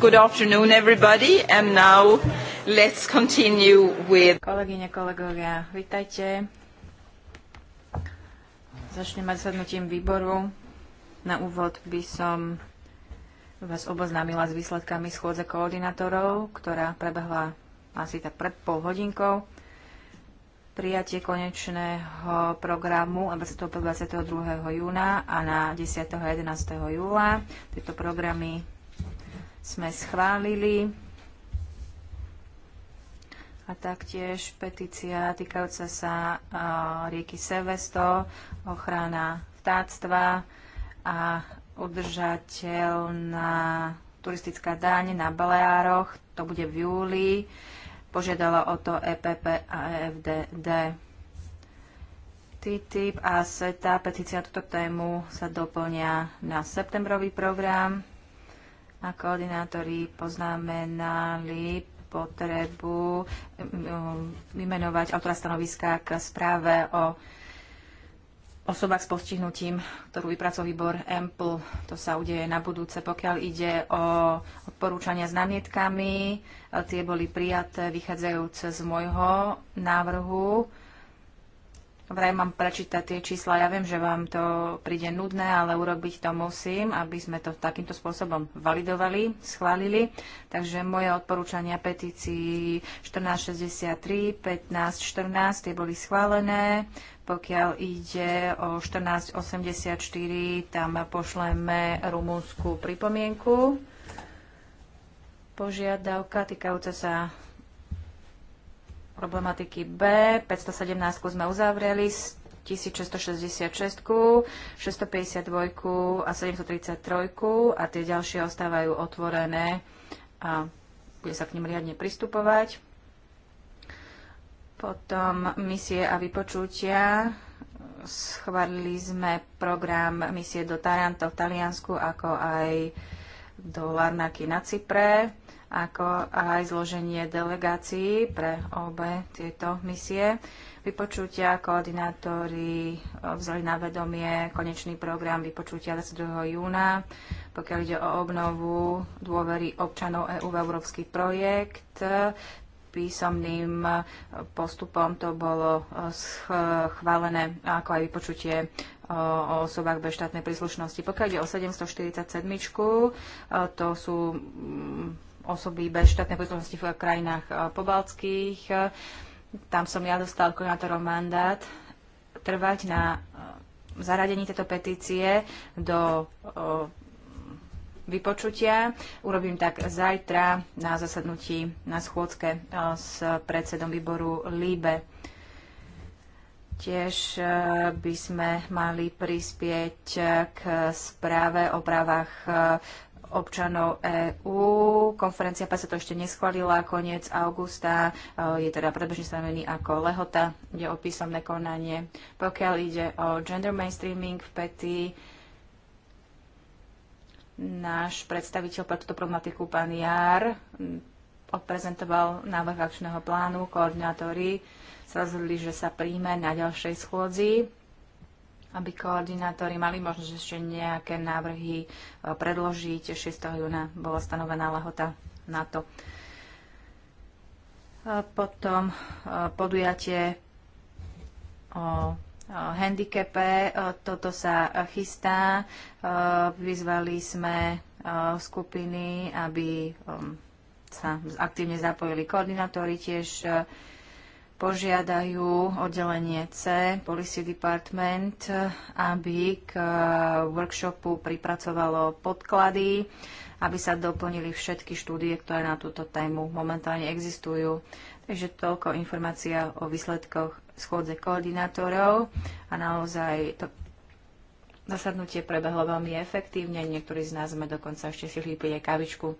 Good afternoon, everybody, and now let's continue with... Kolegyne, kolegovia, vitajte. Začneme zasadnutím výboru. Na úvod by som vás oboznámila s výsledkami schôdze koordinátorov, ktorá prebehla asi tak pred pol hodinkou prijatie konečného programu 22. júna a na 10. a 11. júla. Tieto programy sme schválili. A taktiež petícia týkajúca sa rieky Sevesto, ochrana vtáctva a udržateľná turistická daň na Baleároch. To bude v júli. Požiadala o to EPP a EFDD. TTIP a SETA, petícia túto tému sa doplňa na septembrový program a koordinátori poznamenali potrebu mm, mm, vymenovať autora stanoviska k správe o osobách s postihnutím, ktorú vypracoval výbor EMPL. To sa udeje na budúce. Pokiaľ ide o odporúčania s námietkami, tie boli prijaté vychádzajúce z môjho návrhu. Vraj mám prečítať tie čísla. Ja viem, že vám to príde nudné, ale urobiť to musím, aby sme to takýmto spôsobom validovali, schválili. Takže moje odporúčania petícii 1463, 1514, tie boli schválené pokiaľ ide o 1484, tam pošleme rumúnsku pripomienku. Požiadavka týkajúca sa problematiky B. 517 sme uzavreli, 1666, 652 a 733 a tie ďalšie ostávajú otvorené a bude sa k nim riadne pristupovať. Potom misie a vypočutia. Schválili sme program misie do Taranto v Taliansku, ako aj do Larnaky na Cypre, ako aj zloženie delegácií pre obe tieto misie. Vypočutia koordinátori vzali na vedomie konečný program vypočutia 22. júna, pokiaľ ide o obnovu dôvery občanov EU v európsky projekt písomným e, postupom to bolo e, schválené ako aj vypočutie e, o osobách bez štátnej príslušnosti. Pokiaľ ide o 747, to sú mm, osoby bez štátnej príslušnosti v krajinách pobaltských. Tam som ja dostal koordinátorov mandát trvať na zaradení tejto petície do vypočutia. Urobím tak zajtra na zasadnutí na schôdzke eh, s predsedom výboru Líbe. Tiež eh, by sme mali prispieť eh, k správe o právach občanov EÚ. Konferencia PASA to ešte neschválila, koniec augusta je teda predbežne stanovený ako lehota, ide o písomné konanie. Pokiaľ ide o gender mainstreaming v PETI, náš predstaviteľ pre túto problematiku, pán Jar, odprezentoval návrh akčného plánu. Koordinátori sa rozhodli, že sa príjme na ďalšej schôdzi, aby koordinátori mali možnosť ešte nejaké návrhy e, predložiť. 6. júna bola stanovená lehota na to. E, potom e, podujatie o handicape. Toto sa chystá. Vyzvali sme skupiny, aby sa aktívne zapojili koordinátori tiež požiadajú oddelenie C, Policy Department, aby k workshopu pripracovalo podklady, aby sa doplnili všetky štúdie, ktoré na túto tému momentálne existujú. Takže toľko informácia o výsledkoch schôdze koordinátorov a naozaj to zasadnutie prebehlo veľmi efektívne. Niektorí z nás sme dokonca ešte si hlípili kavičku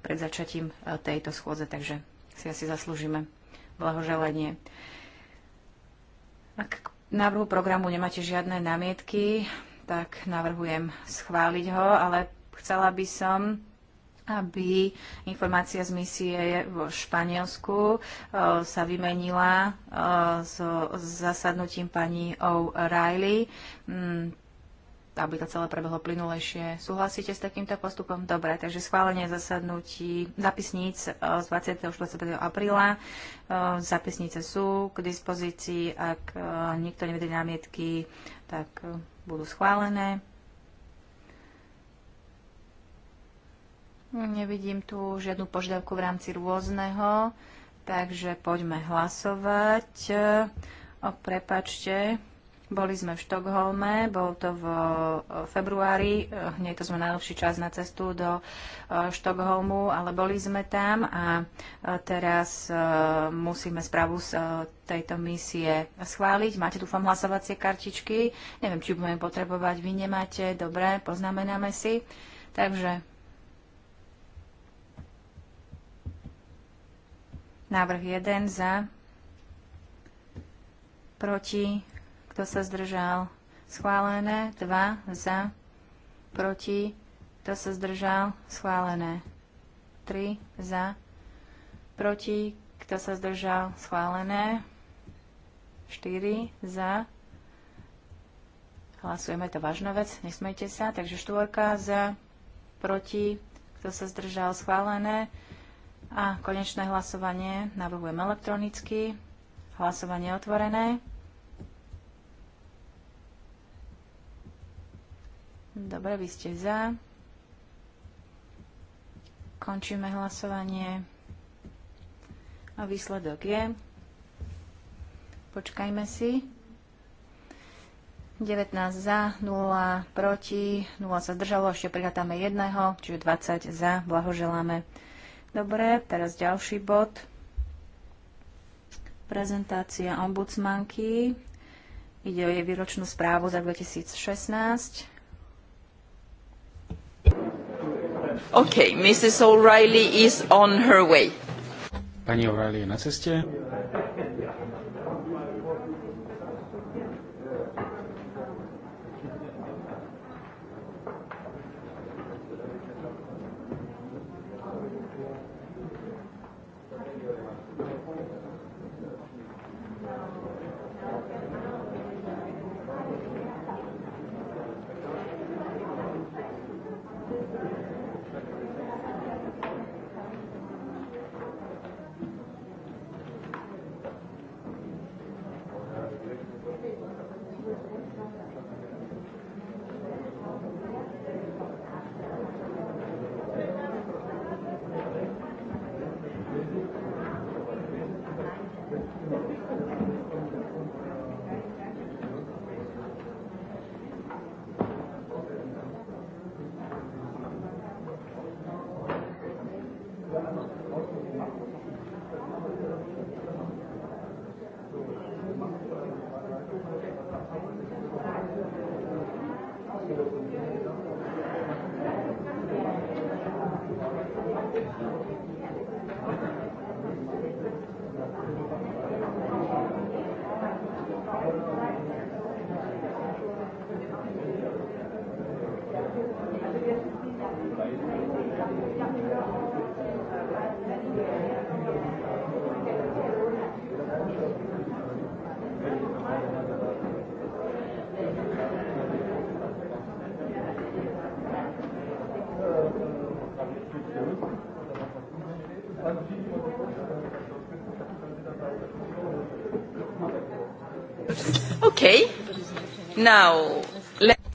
pred začatím e, tejto schôdze, takže si asi zaslúžime blahoželanie. Ak k návrhu programu nemáte žiadne námietky, tak navrhujem schváliť ho, ale chcela by som aby informácia z misie v Španielsku eh, sa vymenila eh, s zasadnutím pani O'Reilly, mm, aby to celé prebehlo plynulejšie. Súhlasíte s takýmto postupom? Dobre, takže schválenie zasadnutí zapisníc eh, z 24. apríla. Zapisnice sú k dispozícii, ak nikto nevedie námietky, tak budú schválené. Nevidím tu žiadnu požiadavku v rámci rôzneho, takže poďme hlasovať. E, o, prepačte, boli sme v Štokholme, bol to v e, februári, e, hneď to sme najlepší čas na cestu do Štokholmu, ale boli sme tam a teraz musíme správu z tejto misie schváliť. Máte, fam hlasovacie kartičky. Neviem, či budeme potrebovať, vy nemáte. Dobre, poznamenáme si. Takže Návrh 1 za, proti, kto sa zdržal. Schválené 2 za, proti, kto sa zdržal. Schválené 3 za, proti, kto sa zdržal. Schválené 4 za. Hlasujeme to vážna vec, nesmejte sa. Takže štvorka za, proti, kto sa zdržal. Schválené a konečné hlasovanie navrhujem elektronicky. Hlasovanie otvorené. Dobre, vy ste za. Končíme hlasovanie. A výsledok je. Počkajme si. 19 za, 0 proti, 0 sa zdržalo, ešte prihatáme jedného, čiže 20 za. Blahoželáme. Dobre, teraz ďalší bod. Prezentácia ombudsmanky. Ide o jej výročnú správu za 2016. OK, Mrs. O'Reilly is on her way. Pani O'Reilly je na ceste.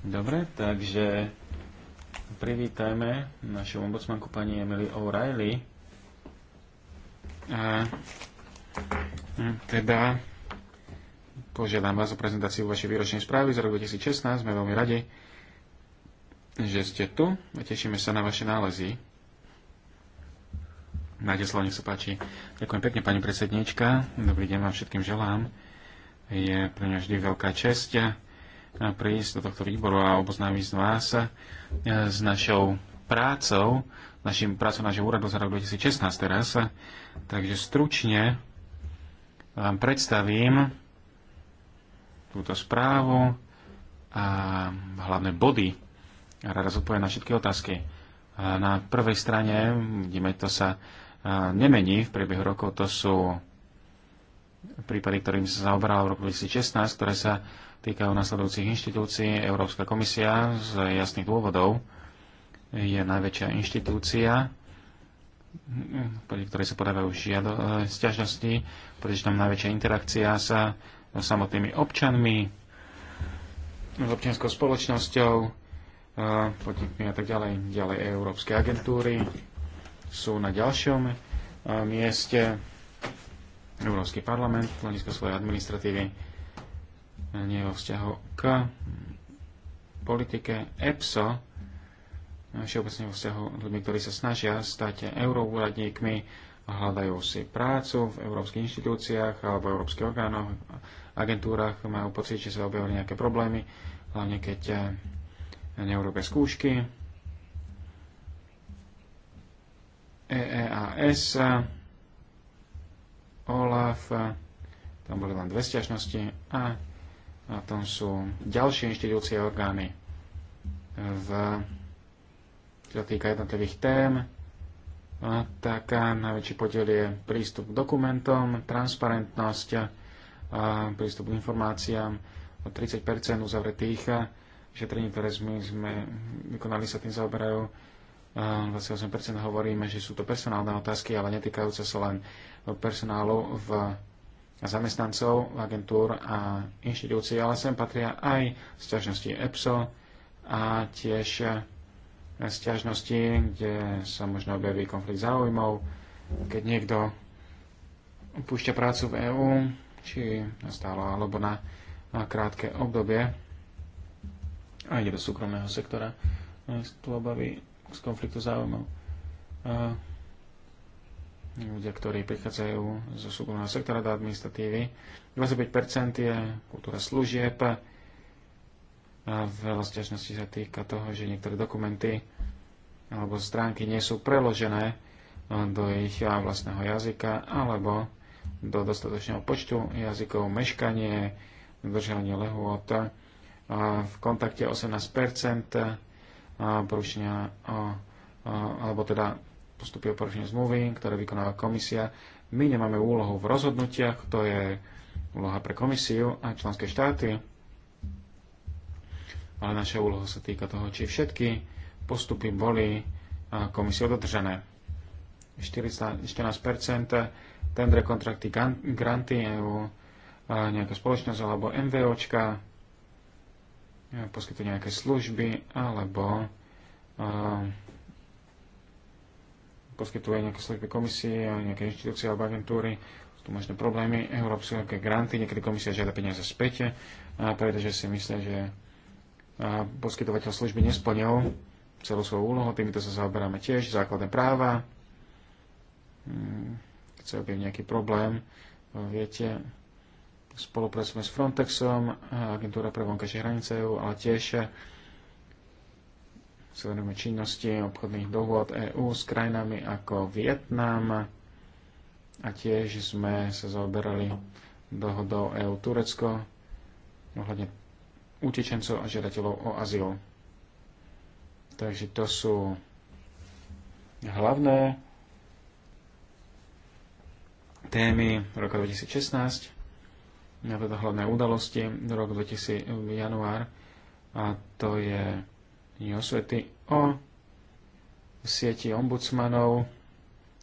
Dobre, takže privítajme našu ombudsmanku pani Emily O'Reilly. A, hm, teda požiadam vás o prezentáciu vašej výročnej správy za rok 2016. Sme veľmi radi, že ste tu a tešíme sa na vaše nálezy. Máte slovo, nech sa páči. Ďakujem pekne, pani predsedníčka. Dobrý deň vám všetkým želám. Je pre mňa vždy veľká česť prísť do tohto výboru a oboznámiť z vás e, s našou prácou, našim prácou nášho úradu za rok 2016 teraz. Takže stručne vám predstavím túto správu a hlavné body. A rada zodpoviem na všetky otázky. na prvej strane, vidíme, to sa e, nemení v priebehu rokov, to sú prípady, ktorým sa zaoberala v roku 2016, ktoré sa týkajú nasledujúcich inštitúcií. Európska komisia z jasných dôvodov je najväčšia inštitúcia, pri ktorej sa podávajú žiado- eh, sťažnosti, pretože tam najväčšia interakcia sa samotnými občanmi, s občianskou spoločnosťou, eh, podnikmi a tak ďalej. Ďalej európske agentúry sú na ďalšom eh, mieste. Európsky parlament, hľadiska svojej administratívy, nie vo vzťahu k politike EPSO, všeobecne vo vzťahu ľudí, ktorí sa snažia stať euroúradníkmi, hľadajú si prácu v európskych inštitúciách alebo európskych orgánoch, agentúrach, majú pocit, že sa objavili nejaké problémy, hlavne keď eh, neurobia skúšky. EEAS, OLAF, tam boli len dve stiažnosti a a tam sú ďalšie inštitúcie a orgány. V, čo sa týka jednotlivých tém, a tak najväčší podiel je prístup k dokumentom, transparentnosť, a prístup k informáciám, o 30 uzavretých šetrení, ktoré sme, sme vykonali, sa tým zaoberajú. 28% hovoríme, že sú to personálne otázky, ale netýkajúce sa len personálu v zamestnancov agentúr a inštitúcií, ale sem patria aj sťažnosti EPSO a tiež sťažnosti, kde sa možno objaví konflikt záujmov, keď niekto púšťa prácu v EÚ, či na stále alebo na, na krátke obdobie a ide do súkromného sektora z no, obavy z konfliktu záujmov ľudia, ktorí prichádzajú zo súkromného sektora do administratívy. 25% je kultúra služieb. A veľa stiažností sa týka toho, že niektoré dokumenty alebo stránky nie sú preložené do ich vlastného jazyka alebo do dostatočného počtu jazykov, meškanie, dodržanie lehôd. V kontakte 18 porušenia alebo teda postupy o porušení zmluvy, ktoré vykonáva komisia. My nemáme úlohu v rozhodnutiach, to je úloha pre komisiu a členské štáty, ale naša úloha sa týka toho, či všetky postupy boli komisiou dodržané. 14% tendre kontrakty, granty e, nejaká spoločnosť alebo MVOčka, e, poskytujú nejaké služby alebo uh, poskytuje nejaké služby komisie a nejaké inštitúcie alebo agentúry. Sú tu možné problémy, európske granty, niekedy komisia žiada peniaze späť, pretože si myslia, že poskytovateľ služby nesplnil celú svoju úlohu, týmto sa zaoberáme tiež, základné práva. Hmm, keď sa objaví nejaký problém, viete, spolupracujeme s Frontexom, agentúra pre vonkajšie hranice, ale tiež sledujeme činnosti obchodných dohôd EÚ s krajinami ako Vietnam a tiež sme sa zaoberali dohodou EÚ Turecko ohľadne utečencov a žiadateľov o azyl. Takže to sú hlavné témy roka 2016 na teda hlavné udalosti do roku 2000 január a to je osvety o sieti ombudsmanov.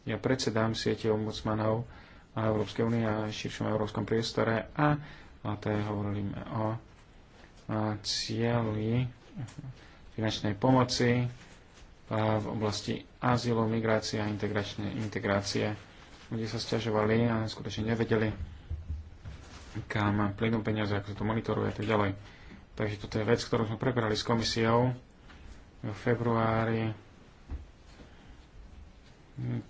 Ja predsedám sieti ombudsmanov a Európskej únie a širšom európskom priestore a, a to je hovorím o cieli finančnej pomoci v oblasti azylu, migrácie a integračne, integrácie. Ľudia sa stiažovali a skutočne nevedeli, kam plynú peniaze, ako sa to monitoruje a tak ďalej. Takže toto je vec, ktorú sme prebrali s komisiou v februári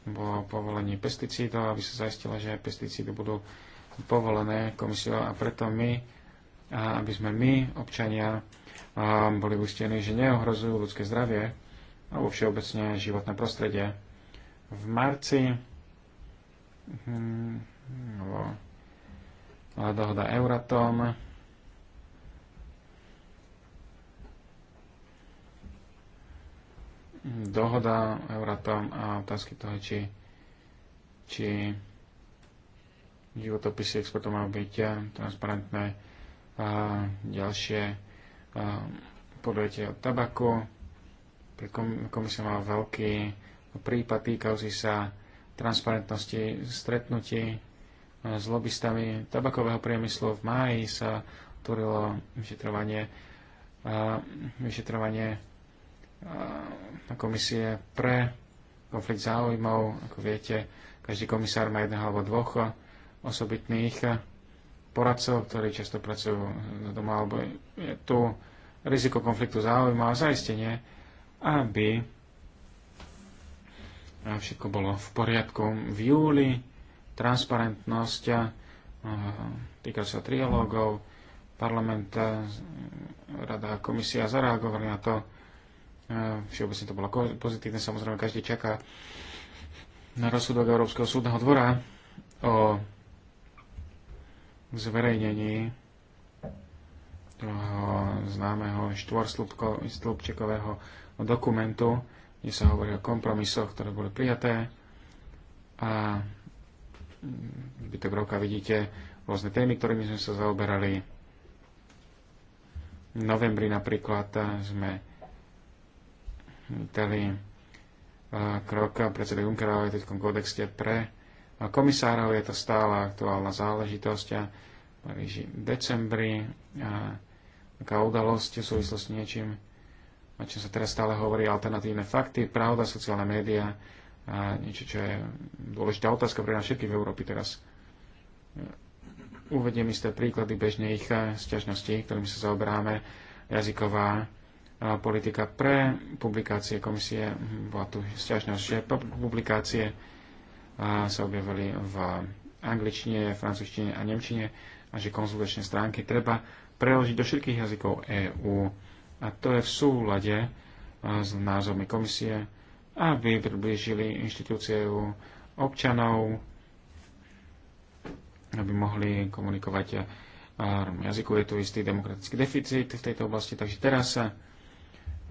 bolo povolenie pesticídov, aby sa zaistilo, že pesticídy budú povolené komisiou a preto my, aby sme my, občania, boli ustení, že neohrozujú ľudské zdravie alebo všeobecne životné prostredie. V marci hm, no, dohoda Euratom dohoda Euratom a otázky toho, či, či životopisy exportov majú byť eh, transparentné a ďalšie eh, podujete od tabaku. Komisia mal veľký prípad týkajúci sa transparentnosti stretnutí eh, s lobbystami tabakového priemyslu. V máji sa otvorilo vyšetrovanie, vyšetrovanie komisie pre konflikt záujmov. Ako viete, každý komisár má jedného alebo dvoch osobitných poradcov, ktorí často pracujú doma, alebo je tu riziko konfliktu záujmov a zaistenie, aby všetko bolo v poriadku. V júli transparentnosť týka sa trialógov, parlament, rada a komisia zareagovali na to Všeobecne to bolo pozitívne. Samozrejme, každý čaká na rozsudok Európskeho súdneho dvora o zverejnení toho známeho štvorstĺpčekového dokumentu, kde sa hovorí o kompromisoch, ktoré boli prijaté. A to roka vidíte rôzne témy, ktorými sme sa zaoberali. V novembri napríklad sme Itálii krok predseda Junckera je etickom kódexte pre komisárov. Je to stále aktuálna záležitosť a v decembri a taká udalosť v súvislosti s niečím, o čom sa teraz stále hovorí, alternatívne fakty, pravda, sociálne médiá a niečo, čo je dôležitá otázka pre nás všetkých v Európe teraz. Uvediem isté príklady bežných sťažností, ktorými sa zaoberáme. Jazyková politika pre publikácie komisie, hm, bola tu sťažnosť, že publikácie sa objavili v angličtine, francúzštine a nemčine a že konzultačné stránky treba preložiť do všetkých jazykov EÚ. A to je v súlade s názormi komisie, aby priblížili inštitúcie EÚ občanov, aby mohli komunikovať jazyku. Je tu istý demokratický deficit v tejto oblasti, takže teraz sa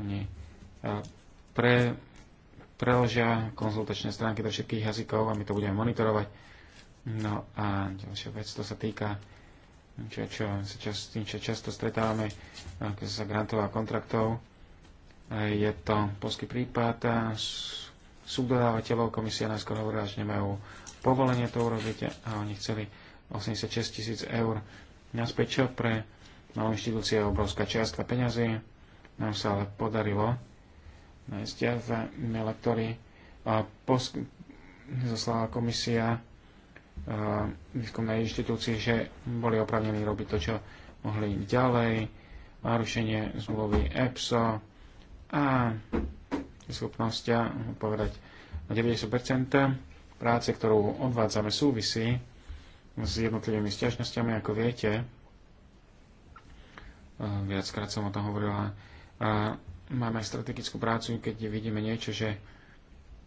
nie. pre, preložia konzultačné stránky do všetkých jazykov a my to budeme monitorovať. No a ďalšia vec, to sa týka čo, čo sa čas, tým, čo často stretávame, e, keď sa grantov a kontraktov. E, je to polský prípad subdodávateľov, komisia najskôr hovorila, že nemajú povolenie to urobiť a oni chceli 86 tisíc eur naspäť, čo pre malú inštitúciu je obrovská čiastka peňazí nám sa ale podarilo nájsť v maile, ktorý zaslala komisia výskumnej inštitúcii, že boli opravnení robiť to, čo mohli ďalej, narušenie zmluvy EPSO a schopnosť povedať na 90% práce, ktorú odvádzame, súvisí s jednotlivými stiažnosťami, ako viete. Viackrát som o tom hovorila a máme aj strategickú prácu, keď vidíme niečo, že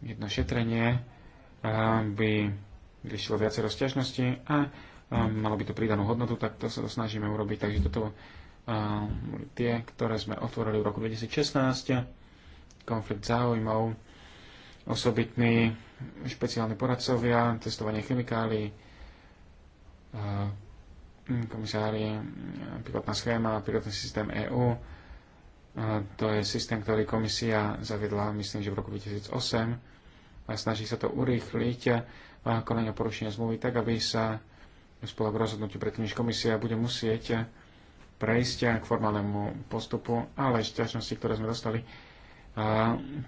jedno šetrenie by vyšlo viacero sťažnosti a malo by to pridanú hodnotu, tak to sa to snažíme urobiť. Takže toto boli tie, ktoré sme otvorili v roku 2016. Konflikt záujmov, osobitní špeciálni poradcovia, testovanie chemikálií, komisári, pilotná schéma, pilotný systém EÚ, to je systém, ktorý komisia zaviedla, myslím, že v roku 2008 a snaží sa to urýchliť konania porušenia zmluvy tak, aby sa spolu k rozhodnutiu, predtým, než komisia bude musieť prejsť k formálnemu postupu, ale šťažnosti, ktoré sme dostali,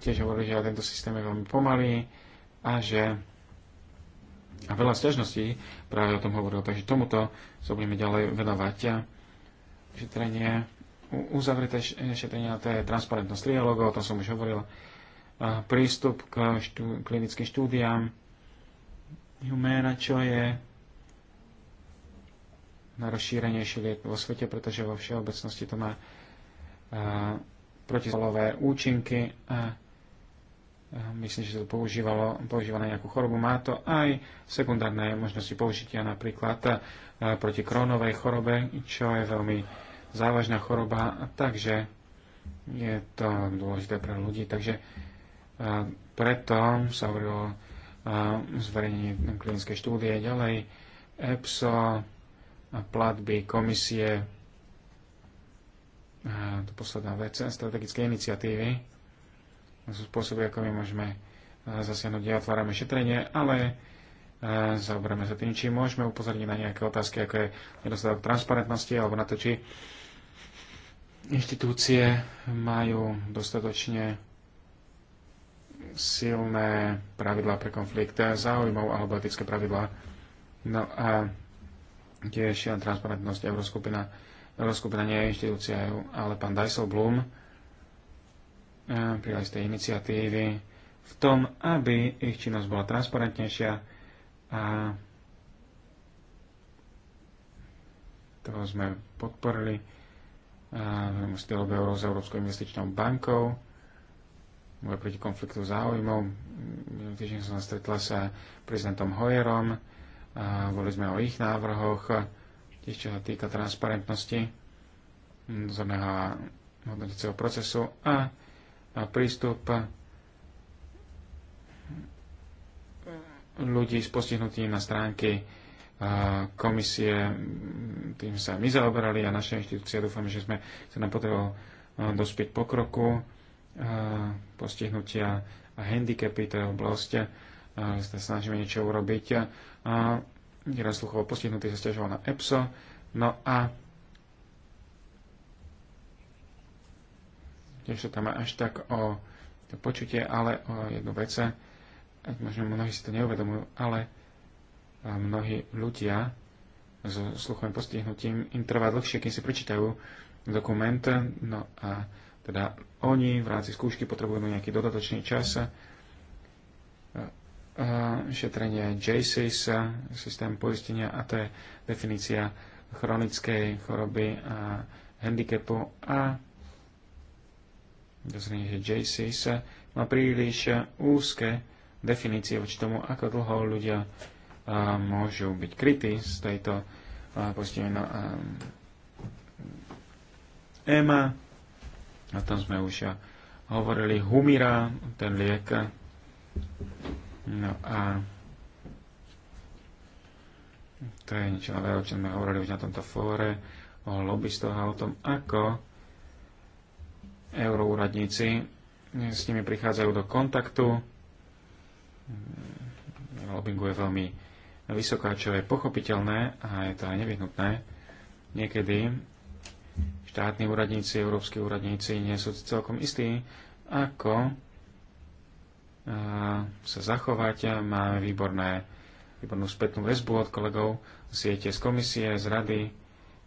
tiež hovorili, že tento systém je veľmi pomalý a že a veľa sťažností práve o tom hovoril, takže tomuto sa budeme ďalej venovať. Šetrenie uzavreté šetrenia, to je transparentnosť trialogov, o tom som už hovoril, prístup k štú, klinickým štúdiám, Humera, čo je rozšírenejšie liek vo svete, pretože vo všeobecnosti to má protizolové účinky a myslím, že to používalo, používa na nejakú chorobu, má to aj sekundárne možnosti použitia napríklad proti krónovej chorobe, čo je veľmi závažná choroba, takže je to dôležité pre ľudí. Takže e, preto sa hovorilo e, zverejnenie klinickej štúdie ďalej. EPSO, platby, komisie, e, to posledná vec, strategické iniciatívy sú spôsoby, ako my môžeme zasiahnuť, neotvárame šetrenie, ale zaoberáme sa tým, či môžeme upozorniť na nejaké otázky, ako je nedostatok transparentnosti, alebo na to, či inštitúcie majú dostatočne silné pravidlá pre konflikt eh, záujmov alebo etické pravidlá. No a tiež transparentnosť Euroskupina. Euroskupina nie je inštitúcia EU, ale pán Dijsselbloem z eh, tej iniciatívy v tom, aby ich činnosť bola transparentnejšia a to sme podporili stylového s Európskou investičnou bankou, boja proti konfliktu záujmov. Minulý týždeň som sa stretla sa prezidentom Hoyerom, a hovorili sme o ich návrhoch, tiež čo sa týka transparentnosti, dozorného hodnoticeho procesu a, a prístup ľudí s postihnutím na stránky komisie, mm, tým sa my zaoberali a naša inštitúcia, Dúfam, že sme sa nám potrebovali dospieť pokroku, postihnutia a handicapy, tej oblasti. sa snažíme niečo urobiť. Jeden sluchovo postihnutý sa stiažoval na EPSO, no a tiež to tam až tak o to počutie, ale o jednu vec, možno mnohí si to neuvedomujú, ale a mnohí ľudia so sluchovým postihnutím im trvá dlhšie, kým si prečítajú dokument. No a teda oni v rámci skúšky potrebujú nejaký dodatočný čas. Šetrenie JCs, systém poistenia a to je definícia chronickej choroby a handicapu a dozrenie, že JCs má príliš úzke definície voči tomu, ako dlho ľudia môžu byť krytí z tejto postihy. No, EMA, o tom sme už hovorili, Humira, ten liek. No a to je niečo nové, o čom sme hovorili už na tomto fóre, o lobbystoch a o tom, ako euroúradníci s nimi prichádzajú do kontaktu. Lobbingu je veľmi vysoká, čo je pochopiteľné a je to aj nevyhnutné. Niekedy štátni úradníci, európsky úradníci nie sú celkom istí, ako sa zachovať. Máme výborné, výbornú spätnú väzbu od kolegov z siete z komisie, z rady,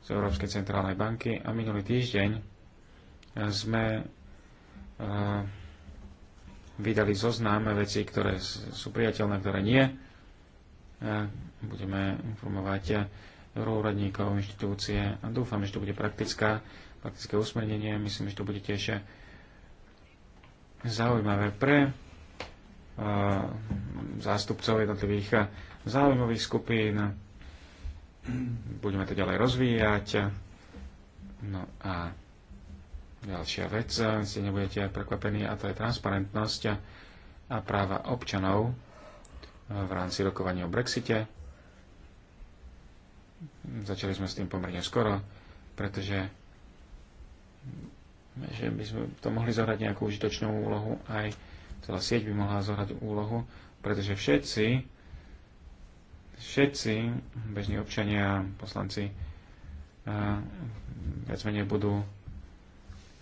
z Európskej centrálnej banky a minulý týždeň sme vydali zoznam vecí, ktoré sú priateľné, ktoré nie Eh, budeme informovať eh, euroúradníkov, inštitúcie a dúfame, že to bude praktická, praktické usmernenie. Myslím, že to bude tiež eh, zaujímavé pre zástupcov jednotlivých záujmových skupín. Budeme to ďalej rozvíjať. No a ďalšia vec, ste nebudete prekvapení, a to je transparentnosť a práva občanov v rámci rokovania o Brexite. Začali sme s tým pomerne skoro, pretože že by sme to mohli zohrať nejakú užitočnú úlohu, aj celá sieť by mohla zohrať úlohu, pretože všetci, všetci bežní občania, poslanci, viac menej budú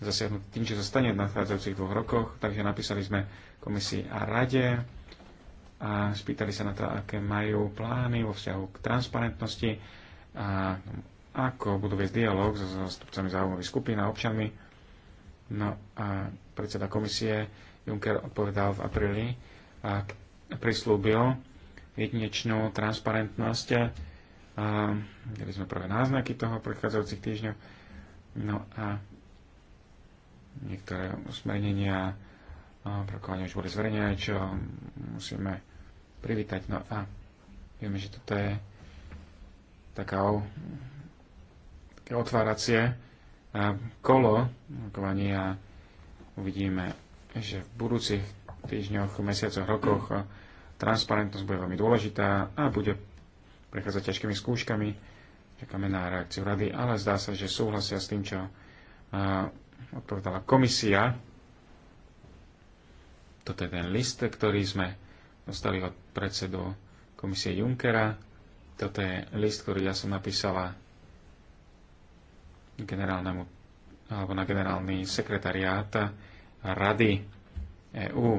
zasiahnuť tým, čo sa stane v nadchádzajúcich dvoch rokoch. Takže napísali sme komisii a rade, a spýtali sa na to, aké majú plány vo vzťahu k transparentnosti a ako budú viesť dialog so zastupcami záujmových skupín a občanmi. No a predseda komisie Juncker odpovedal v apríli a prislúbil jedinečnú transparentnosť. A dali sme prvé náznaky toho v predchádzajúcich týždňoch. No a niektoré usmernenia rokovania už boli zverejnené, čo musíme privítať. No a vieme, že toto je taká o, také otváracie a kolo rokovanie a uvidíme, že v budúcich týždňoch, mesiacoch, rokoch transparentnosť bude veľmi dôležitá a bude prechádzať ťažkými skúškami. Čakáme na reakciu rady, ale zdá sa, že súhlasia s tým, čo odpovedala komisia. Toto je ten list, ktorý sme dostali od predsedu komisie Junckera. Toto je list, ktorý ja som napísala generálnemu alebo na generálny sekretariát Rady EÚ.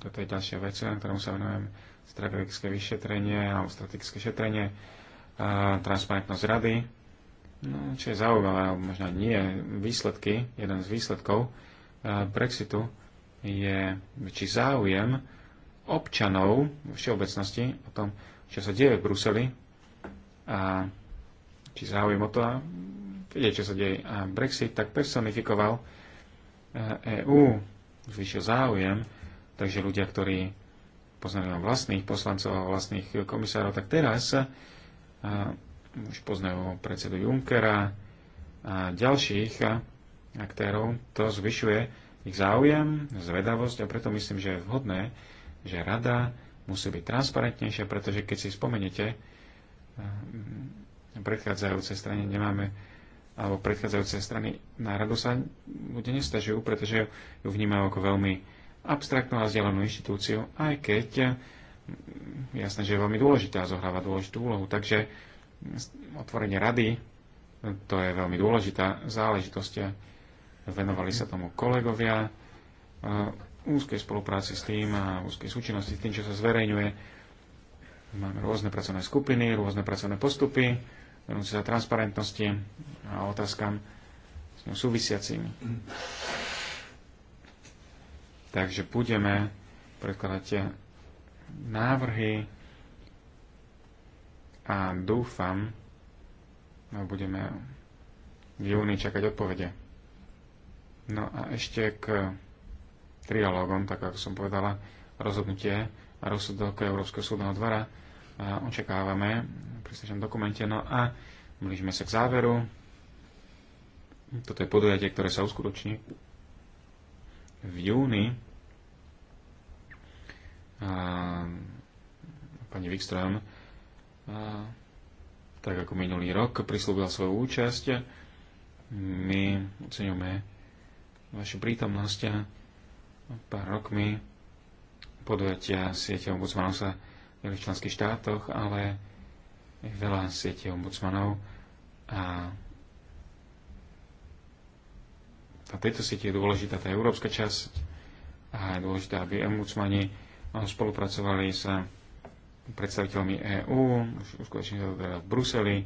Toto je ďalšia vec, na ktorom sa venujem strategické vyšetrenie alebo strategické šetrenie, a transparentnosť rady, no, čo je zaujímavé, alebo možno nie, výsledky, jeden z výsledkov Brexitu je, či záujem občanov vo všeobecnosti o tom, čo sa deje v Bruseli a či záujem o to a vedieť, čo sa deje. A Brexit tak personifikoval EÚ, e zvyšil záujem, takže ľudia, ktorí poznali vlastných poslancov a vlastných komisárov, tak teraz a, e, už poznajú predsedu Junckera a ďalších e, aktérov, to zvyšuje ich záujem, zvedavosť a preto myslím, že je vhodné, že rada musí byť transparentnejšia, pretože keď si spomeniete, eh, predchádzajúce strany nemáme alebo predchádzajúce strany na radu sa ľudia nestažujú, pretože ju vnímajú ako veľmi abstraktnú a vzdialenú inštitúciu, aj keď eh, jasné, že je veľmi dôležitá a zohráva dôležitú úlohu. Takže otvorenie rady, to je veľmi dôležitá záležitosť. Eh, venovali sa tomu kolegovia, úzkej spolupráci s tým a úzkej súčinnosti s tým, čo sa zverejňuje. Máme rôzne pracovné skupiny, rôzne pracovné postupy, venúce sa transparentnosti a otázkam s ňou súvisiacimi. Takže budeme predkladať návrhy a dúfam, že no, budeme v júni čakať odpovede. No a ešte k trialógom, tak ako som povedala, rozhodnutie a rozsudok Európskeho súdneho dvora. A očakávame v príslušnom dokumente. No a blížime sa k záveru. Toto je podujatie, ktoré sa uskutoční v júni. A pani Wikström, tak ako minulý rok, prislúbila svoju účasť. My oceňujeme vašu prítomnosť pár rokmi podujatia siete ombudsmanov sa v členských štátoch, ale je veľa siete ombudsmanov a na tejto siete je dôležitá tá európska časť a je dôležité, aby ombudsmani spolupracovali sa predstaviteľmi EÚ, už skutočne to teda v Bruseli,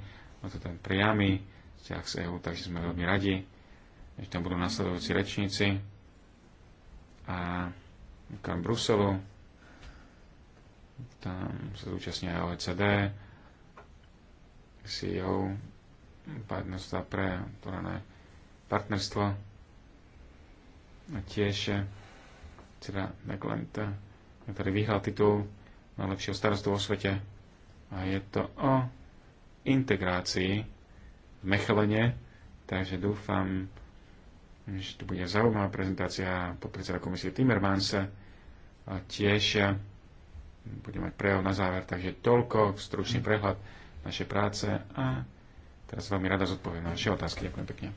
má to ten priamy vzťah s EÚ, takže sme veľmi radi, že tam budú nasledujúci rečníci a okrem Bruselu. Tam sa zúčastňuje aj OECD, CEO partnerstva pre otvorené partnerstvo a tiež teda Megland, ktorý vyhral titul najlepšieho starostu vo svete a je to o integrácii v Mechelene, takže dúfam, že tu bude zaujímavá prezentácia podpredseda komisie Timmermansa a tiež eh, bude mať prejav na záver, takže toľko, stručný prehľad našej práce a teraz veľmi rada zodpoviem na vaše otázky. Ďakujem pekne.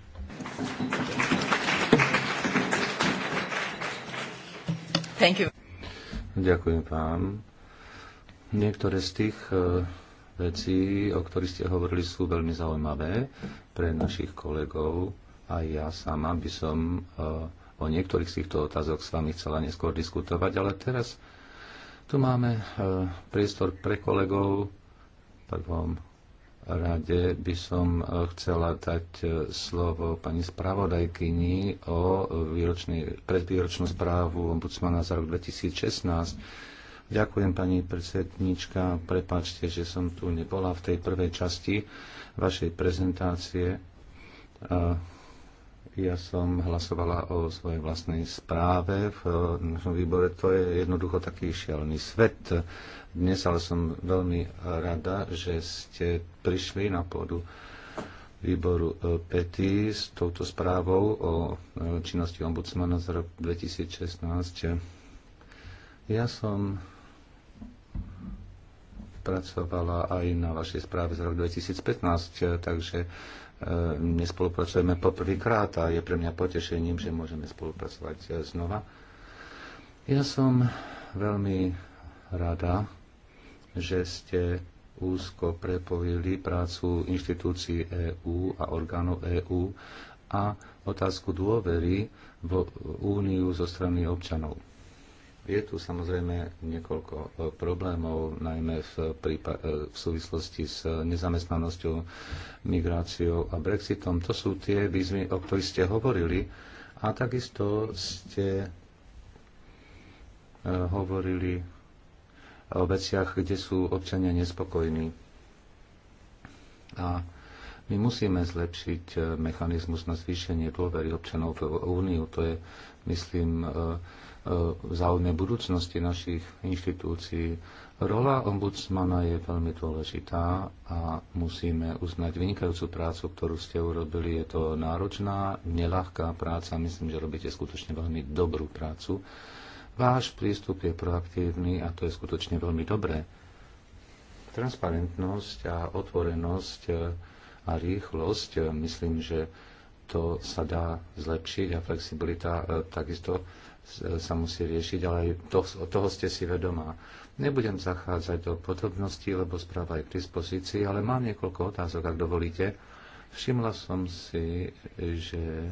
Thank you. Ďakujem vám. Niektoré z tých eh, vecí, o ktorých ste hovorili, sú veľmi zaujímavé pre našich kolegov a ja sama by som eh, o niektorých z týchto otázok s vami chcela neskôr diskutovať, ale teraz tu máme eh, priestor pre kolegov. V prvom rade by som eh, chcela dať slovo pani spravodajkyni o predvýročnú správu ombudsmana za rok 2016. Ďakujem, pani predsednička. Prepačte, že som tu nebola v tej prvej časti vašej prezentácie. Ja som hlasovala o svojej vlastnej správe e, v našom výbore. To je jednoducho taký šialený svet. Dnes ale som veľmi rada, že ste prišli na pôdu výboru e, PETI s touto správou o e, činnosti ombudsmana za rok 2016. Ja som pracovala aj na vašej správe za rok 2015, takže E, nespolupracujeme poprvýkrát a je pre mňa potešením, že môžeme spolupracovať e, znova. Ja som veľmi rada, že ste úzko prepojili prácu inštitúcií EÚ a orgánov EÚ a otázku dôvery v Úniu zo strany občanov. Je tu samozrejme niekoľko e, problémov, najmä v, prípa- e, v súvislosti s nezamestnanosťou, migráciou a Brexitom. To sú tie výzvy, o ktorých ste hovorili a takisto ste e, hovorili o veciach, kde sú občania nespokojní. A my musíme zlepšiť mechanizmus na zvýšenie dôvery občanov v Úniu. To je, myslím, v záujme budúcnosti našich inštitúcií. Rola ombudsmana je veľmi dôležitá a musíme uznať vynikajúcu prácu, ktorú ste urobili. Je to náročná, nelahká práca. Myslím, že robíte skutočne veľmi dobrú prácu. Váš prístup je proaktívny a to je skutočne veľmi dobré. Transparentnosť a otvorenosť e, a rýchlosť, e, myslím, že to sa dá zlepšiť a flexibilita e, takisto sa musí riešiť, ale aj to, toho ste si vedomá. Nebudem zachádzať do podrobností, lebo správa je k dispozícii, ale mám niekoľko otázok, ak dovolíte. Všimla som si, že e,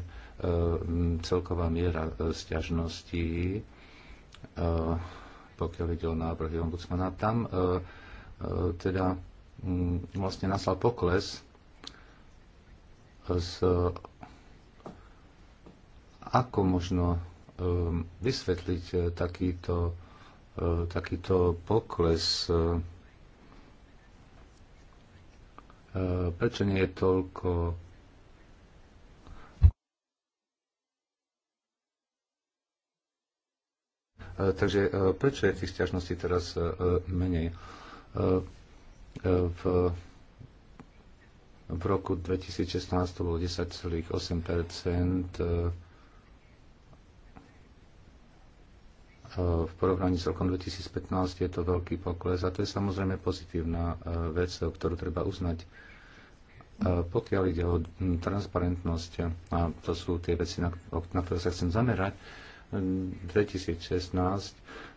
celková miera e, sťažností, e, pokiaľ ide o návrhy ombudsmana, tam teda mm, vlastne nastal pokles z ako možno Um, vysvetliť eh, takýto, eh, takýto pokles? Eh, prečo nie je toľko Takže prečo je tých stiažností teraz menej? V, v roku 2016 to bolo 10,8 v porovnaní s rokom 2015 je to veľký pokles a to je samozrejme pozitívna e, vec, e, ktorú treba uznať. E, pokiaľ ide o transparentnosť, a to sú tie veci, na, na ktoré sa chcem zamerať, 2016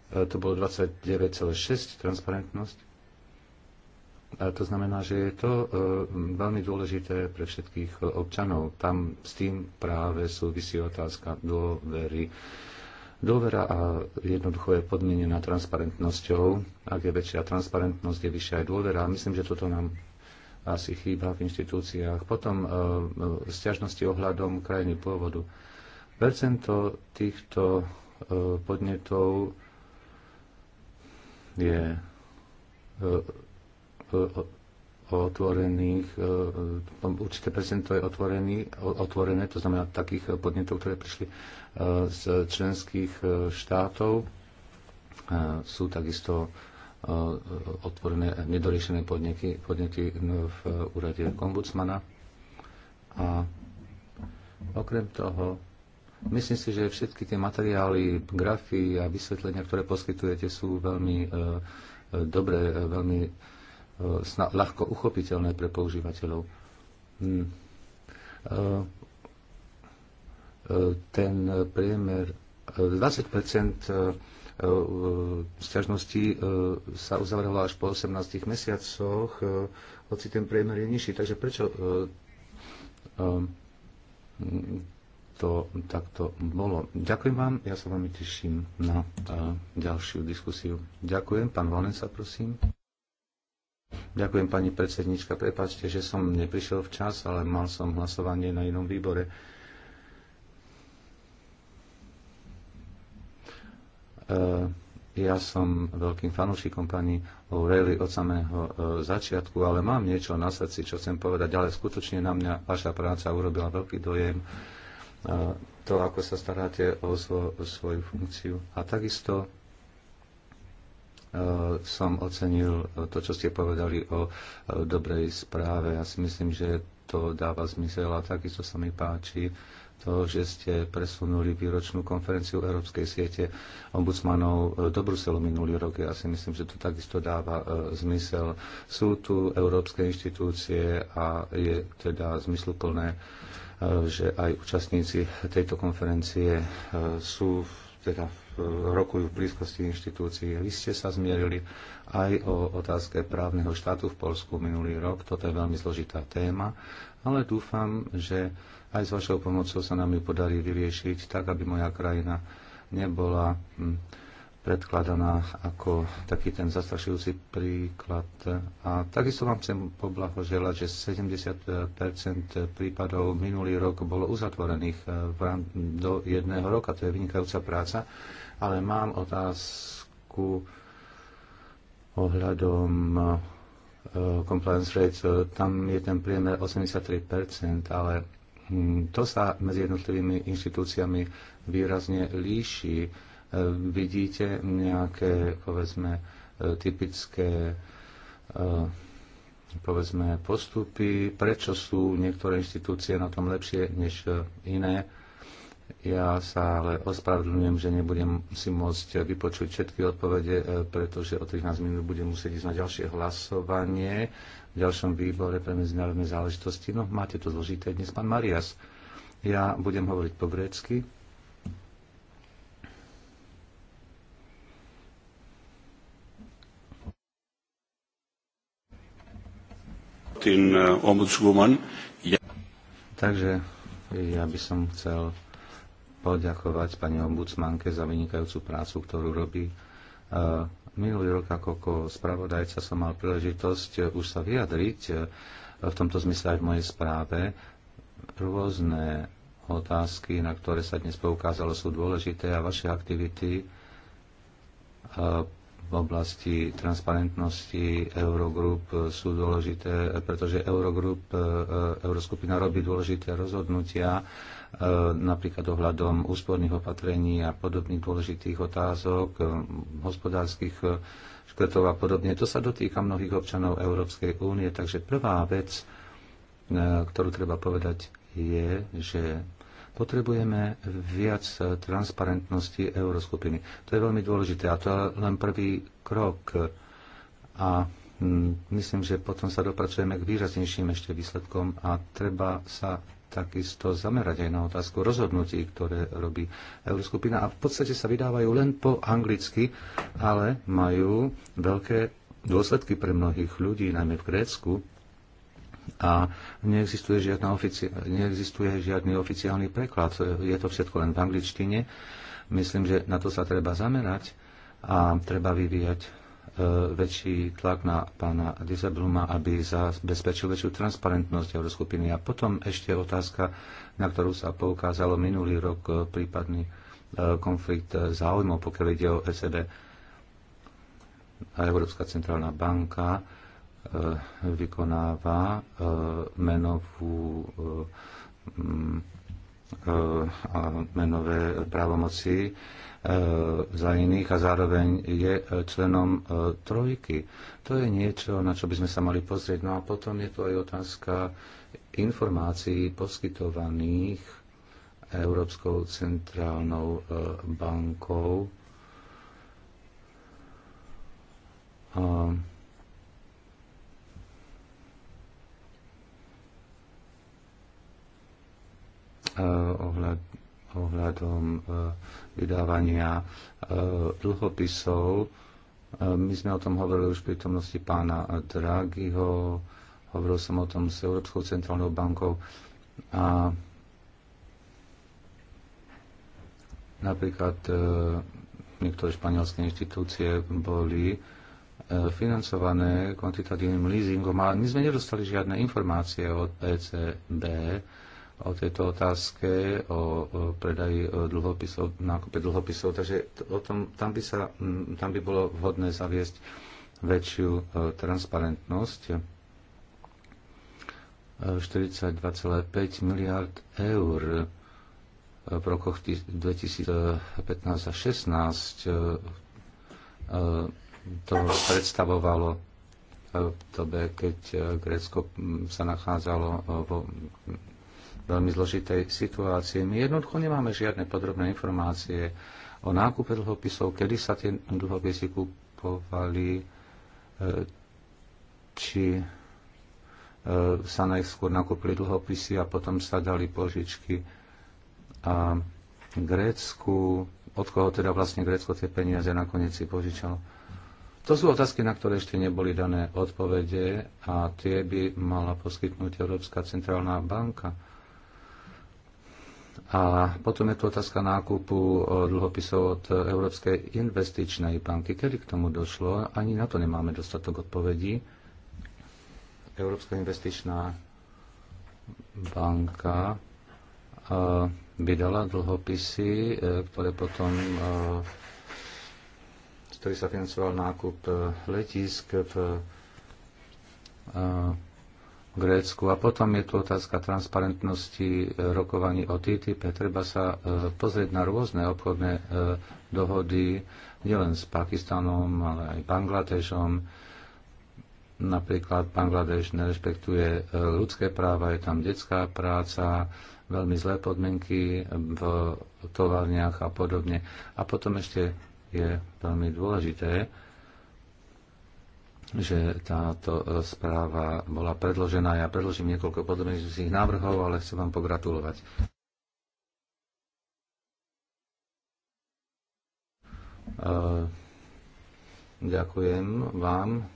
to bolo 29,6 transparentnosť. A to znamená, že je to veľmi dôležité pre všetkých občanov. Tam s tým práve súvisí otázka dôvery Dôvera a jednoducho je podmienená transparentnosťou. Ak je väčšia transparentnosť, je vyššia aj dôvera. Myslím, že toto nám asi chýba v inštitúciách. Potom e, e sťažnosti ohľadom krajiny pôvodu. Percento týchto e, podnetov je e, e, otvorených, e, e, určité percento je otvorený, otvorené, to znamená takých podnetov, ktoré prišli e, z členských štátov. Sú takisto otvorené nedoriešené podnety, podnety v úrade ombudsmana. A okrem toho, myslím si, že všetky tie materiály, grafy a vysvetlenia, ktoré poskytujete, sú veľmi dobré, veľmi E, ľahko uchopiteľné pre používateľov. Hm. E, e, ten priemer 20 sťažnosti sa uzavrelo až po 18 mesiacoch, hoci ten priemer je nižší. Takže prečo to takto bolo? Ďakujem vám, ja sa veľmi teším na ďalšiu diskusiu. Ďakujem, pán sa prosím. Ďakujem pani predsednička. Prepačte, že som neprišiel včas, ale mal som hlasovanie na inom výbore. E, ja som veľkým fanúšikom pani O'Reilly od samého e, začiatku, ale mám niečo na srdci, čo chcem povedať, ale skutočne na mňa vaša práca urobila veľký dojem e, to, ako sa staráte o svoju funkciu. A takisto Eh, som ocenil eh, to, čo ste povedali o eh, dobrej správe. Ja si myslím, že to dáva zmysel a takisto sa mi páči to, že ste presunuli výročnú konferenciu Európskej siete ombudsmanov do Bruselu minulý rok. Ja si myslím, že to takisto dáva zmysel. Sú tu európske inštitúcie a je teda zmysluplné, že aj účastníci tejto konferencie sú teda v rokujú v blízkosti inštitúcií. Vy ste sa zmierili aj o otázke právneho štátu v Polsku minulý rok. Toto je veľmi zložitá téma, ale dúfam, že aj s vašou pomocou sa nám ju podarí vyriešiť tak, aby moja krajina nebola hm, predkladaná ako taký ten zastrašujúci príklad. A takisto vám chcem poblahoželať, že 70 prípadov minulý rok bolo uzatvorených eh, do jedného roka. To je vynikajúca práca ale mám otázku ohľadom eh, compliance rates, Tam je ten priemer 83%, ale hm, to sa medzi jednotlivými inštitúciami výrazne líši. Eh, vidíte nejaké, povedzme, eh, typické povedzme, postupy, prečo sú niektoré inštitúcie na tom lepšie než iné ja sa ale ospravedlňujem, že nebudem si môcť vypočuť všetky odpovede, e, pretože o 13 minút budem musieť ísť na ďalšie hlasovanie v ďalšom výbore pre medzinárodné záležitosti. No, máte to zložité dnes, pán Marias. Ja budem hovoriť po grécky. E, Takže ja by som chcel poďakovať pani ombudsmanke za vynikajúcu prácu, ktorú robí. E, minulý rok ako spravodajca som mal príležitosť e, už sa vyjadriť e, v tomto zmysle aj v mojej správe. Rôzne otázky, na ktoré sa dnes poukázalo, sú dôležité a vaše aktivity v oblasti transparentnosti Eurogroup e, sú dôležité, pretože Eurogroup, e, e, Euroskupina robí dôležité rozhodnutia, napríklad ohľadom úsporných opatrení a podobných dôležitých otázok, hospodárskych škrtov a podobne. To sa dotýka mnohých občanov Európskej únie, takže prvá vec, ktorú treba povedať, je, že Potrebujeme viac eh, transparentnosti euroskupiny. To je veľmi dôležité a to je len prvý krok. A mm, myslím, že potom sa dopracujeme k výraznejším ešte výsledkom a treba sa takisto zamerať aj na otázku rozhodnutí, ktoré robí Euroskupina. A v podstate sa vydávajú len po anglicky, ale majú veľké dôsledky pre mnohých ľudí, najmä v Grécku a neexistuje, žiadna ofici- neexistuje žiadny oficiálny preklad. Je to všetko len v angličtine. Myslím, že na to sa treba zamerať a treba vyvíjať e, väčší tlak na pána Dizabluma, aby zabezpečil väčšiu transparentnosť Euroskupiny. A potom ešte otázka, na ktorú sa poukázalo minulý rok e, prípadný e, konflikt záujmov, pokiaľ ide o SEB. Európska centrálna banka E, vykonáva e, menovú e, a menové právomoci za iných a zároveň je členom trojky. To je niečo, na čo by sme sa mali pozrieť. No a potom je to aj otázka informácií poskytovaných Európskou centrálnou bankou. Eh, ohľad, ohľadom eh, vydávania eh, dlhopisov. My sme o tom hovorili už v prítomnosti pána Draghiho, hovoril som o tom s Európskou centrálnou bankou a napríklad niektoré španielské inštitúcie boli financované kvantitatívnym leasingom ale my sme nedostali žiadne informácie od ECB o tejto otázke, o predaji e, dlhopisov, nákupe dlhopisov, takže o tom, tam, by sa, tam by bolo vhodné zaviesť väčšiu e, transparentnosť. 42,5 e, miliard eur v rokoch 2015 a 16 to predstavovalo v dobe, keď Grécko sa nachádzalo vo veľmi zložitej situácie. My jednoducho nemáme žiadne podrobné informácie o nákupe dlhopisov, kedy sa tie dlhopisy kupovali, e, či e, sa najskôr nakúpili dlhopisy a potom sa dali požičky. A Grécku, od koho teda vlastne Grécko tie peniaze nakoniec si požičalo. To sú otázky, na ktoré ešte neboli dané odpovede a tie by mala poskytnúť Európska centrálna banka. A potom je tu otázka nákupu e, dlhopisov od Európskej investičnej banky. Kedy k tomu došlo? Ani na to nemáme dostatok odpovedí. Európska investičná banka e, vydala dlhopisy, e, ktoré potom z ktorých sa financoval nákup letisk v Grécku. A potom je tu otázka transparentnosti e, rokovaní o TTIP. Treba sa e, pozrieť na rôzne obchodné e, dohody, nielen s Pakistanom, ale aj Bangladešom. Napríklad Bangladeš nerespektuje ľudské práva, je tam detská práca, veľmi zlé podmienky v továrniach a podobne. A potom ešte je veľmi dôležité, že táto e, správa bola predložená. Ja predložím niekoľko podobných návrhov, ale chcem vám pogratulovať. E, ďakujem vám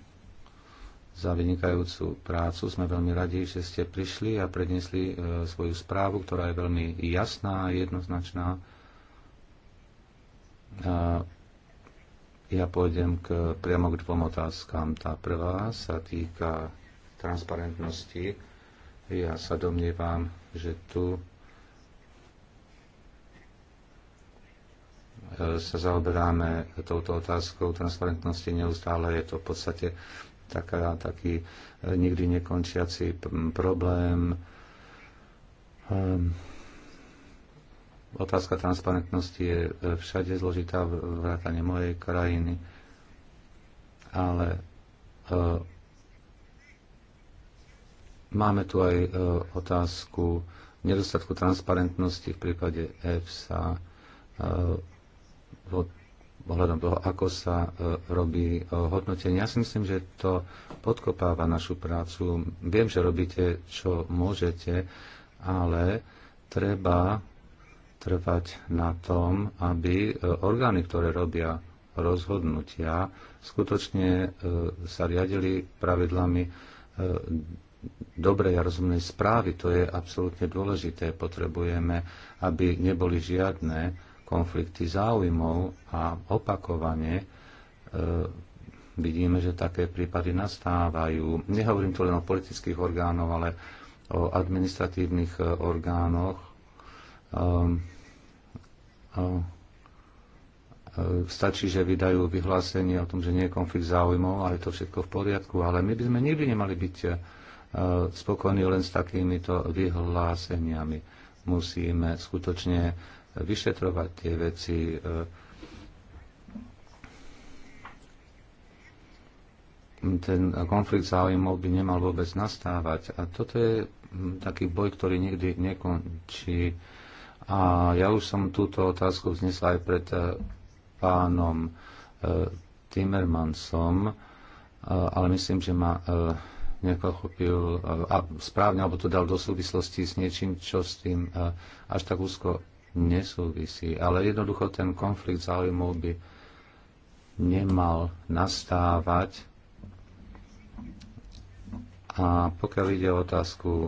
za vynikajúcu prácu. Sme veľmi radi, že ste prišli a prednesli e, svoju správu, ktorá je veľmi jasná a jednoznačná. Ja pôjdem k, priamo k dvom otázkam. Tá prvá sa týka transparentnosti. Ja sa domnievam, že tu e, sa zaoberáme touto otázkou transparentnosti neustále. Je to v podstate taká, taký e, nikdy nekončiaci problém. Um, Otázka transparentnosti je e, všade zložitá, vrátane mojej krajiny, ale uh, máme tu aj uh, otázku nedostatku transparentnosti v prípade EFSA e, ohľadom toho, ako sa robí hodnotenie. Ja si myslím, že to podkopáva našu prácu. Viem, že robíte, čo môžete, ale treba trvať na tom, aby e, orgány, ktoré robia rozhodnutia, skutočne e, sa riadili pravidlami e, dobrej a rozumnej správy. To je absolútne dôležité. Potrebujeme, aby neboli žiadne konflikty záujmov a opakovane vidíme, že také prípady nastávajú. Nehovorím tu len o politických orgánoch, ale o administratívnych orgánoch. Ehm, E, stačí, že vydajú vyhlásenie o tom, že nie je konflikt záujmov a je to všetko v poriadku, ale my by sme nikdy nemali byť e, spokojní len s takýmito vyhláseniami. Musíme skutočne vyšetrovať tie veci. E, ten konflikt záujmov by nemal vôbec nastávať. A toto je taký boj, ktorý nikdy nekončí a ja už som túto otázku vznesla aj pred eh, pánom eh, Timmermansom, eh, ale myslím, že ma nepochopil a správne, alebo to dal do súvislosti s niečím, čo s tým až tak úzko nesúvisí. Ale jednoducho ten konflikt záujmov by nemal nastávať. A pokiaľ ide o otázku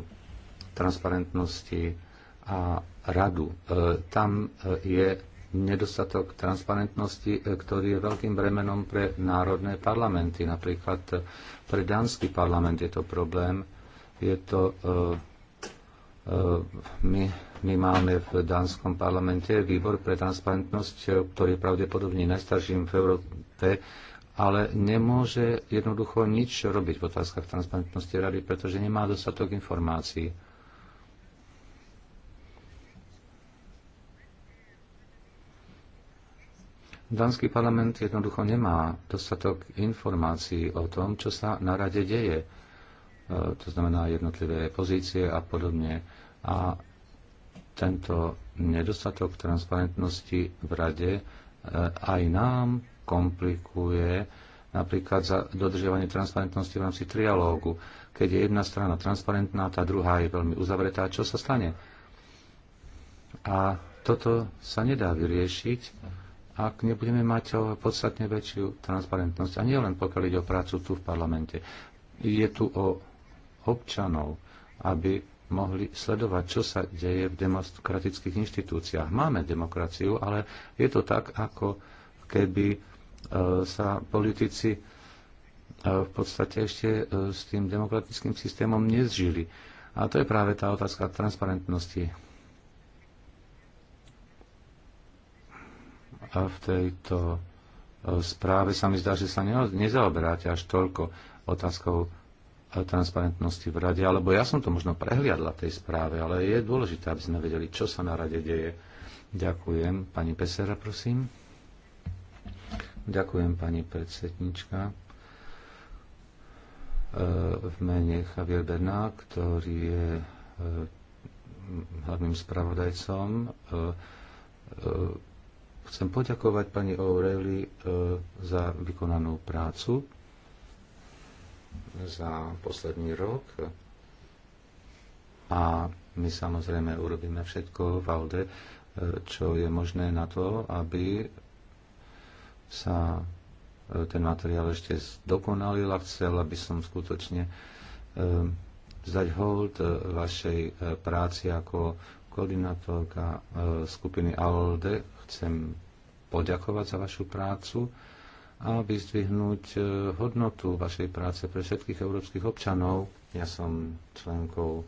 transparentnosti, a radu. E, tam e, je nedostatok transparentnosti, e, ktorý je veľkým bremenom pre národné parlamenty. Napríklad pre dánsky parlament je to problém. Je to, my, my máme v dánskom parlamente výbor pre transparentnosť, ktorý je pravdepodobne najstarším v Európe, ale nemôže jednoducho nič robiť v otázkach transparentnosti rady, pretože nemá dostatok informácií. Dánsky parlament jednoducho nemá dostatok informácií o tom, čo sa na rade deje. E, to znamená jednotlivé pozície a podobne. A tento nedostatok transparentnosti v rade e, aj nám komplikuje napríklad za dodržiavanie transparentnosti v rámci trialógu. Keď je jedna strana transparentná, tá druhá je veľmi uzavretá, čo sa stane? A toto sa nedá vyriešiť ak nebudeme mať podstatne väčšiu transparentnosť. A nie len pokiaľ ide o prácu tu v parlamente. Ide tu o občanov, aby mohli sledovať, čo sa deje v demokratických inštitúciách. Máme demokraciu, ale je to tak, ako keby e, sa politici e, v podstate ešte e, s tým demokratickým systémom nezžili. A to je práve tá otázka transparentnosti. v tejto e, správe sa mi zdá, že sa nezaoberáte až toľko otázkou e, transparentnosti v rade, alebo ja som to možno prehliadla v tej správe, ale je dôležité, aby sme vedeli, čo sa na rade deje. Ďakujem. Pani Pesera, prosím. Ďakujem, pani predsednička. E, v mene Javier Berná, ktorý je hlavným spravodajcom Chcem poďakovať pani O'Reilly e, za vykonanú prácu za posledný rok a my samozrejme urobíme všetko v Alde, e, čo je možné na to, aby sa e, ten materiál ešte zdokonalil a chcel, aby som skutočne zdať hold vašej práci ako koordinátorka e, skupiny ALDE, chcem poďakovať za vašu prácu a vyzdvihnúť e, hodnotu vašej práce pre všetkých európskych občanov. Ja som členkou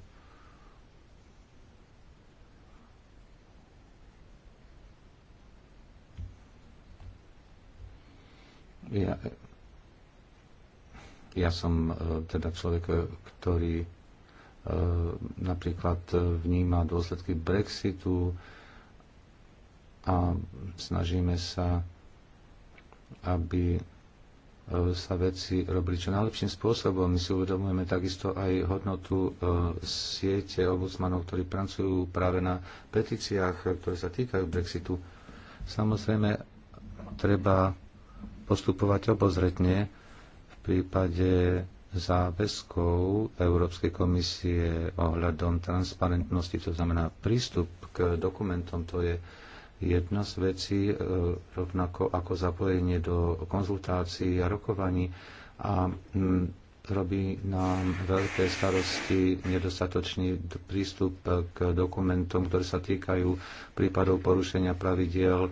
ja, ja som e, teda človek, ktorý E, napríklad e, vníma dôsledky Brexitu a snažíme sa, aby e, sa veci robili čo najlepším spôsobom. My si uvedomujeme takisto aj hodnotu siete obocmanov, ktorí pracujú práve na petíciách, ktoré sa týkajú Brexitu. Samozrejme, treba postupovať obozretne v prípade záväzkov Európskej komisie ohľadom transparentnosti, to znamená prístup k dokumentom, to je jedna z vecí, e, rovnako ako zapojenie do konzultácií a rokovaní. A robí nám veľké starosti nedostatočný prístup k dokumentom, ktoré sa týkajú prípadov porušenia pravidiel, e,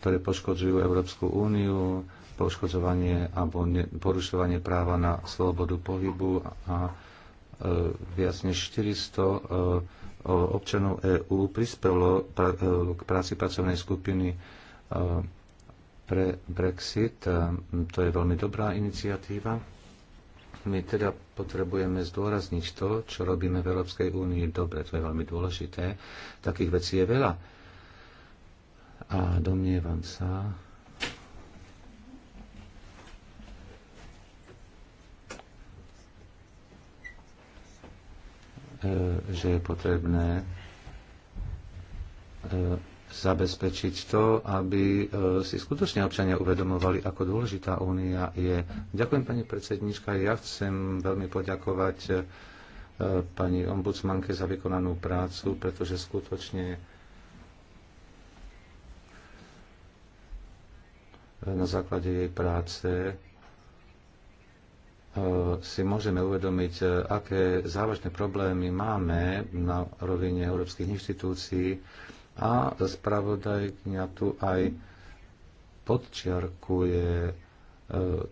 ktoré poškodzujú Európsku úniu, poškodzovanie alebo porušovanie práva na slobodu pohybu a e, viac než 400 e, občanov EÚ prispelo e, k práci pracovnej skupiny pre Brexit. To je veľmi dobrá iniciatíva. My teda potrebujeme zdôrazniť to, čo robíme v Európskej únii dobre. To je veľmi dôležité. Takých vecí je veľa. A domnievam sa, E, že je potrebné e, zabezpečiť to, aby e, si skutočne občania uvedomovali, ako dôležitá únia je. Ďakujem, pani predsednička. Ja chcem veľmi poďakovať pani ombudsmanke za vykonanú prácu, pretože skutočne na základe jej práce Eh, si môžeme uvedomiť, eh, aké závažné problémy máme na rovine európskych inštitúcií a spravodajkňa tu aj podčiarkuje eh,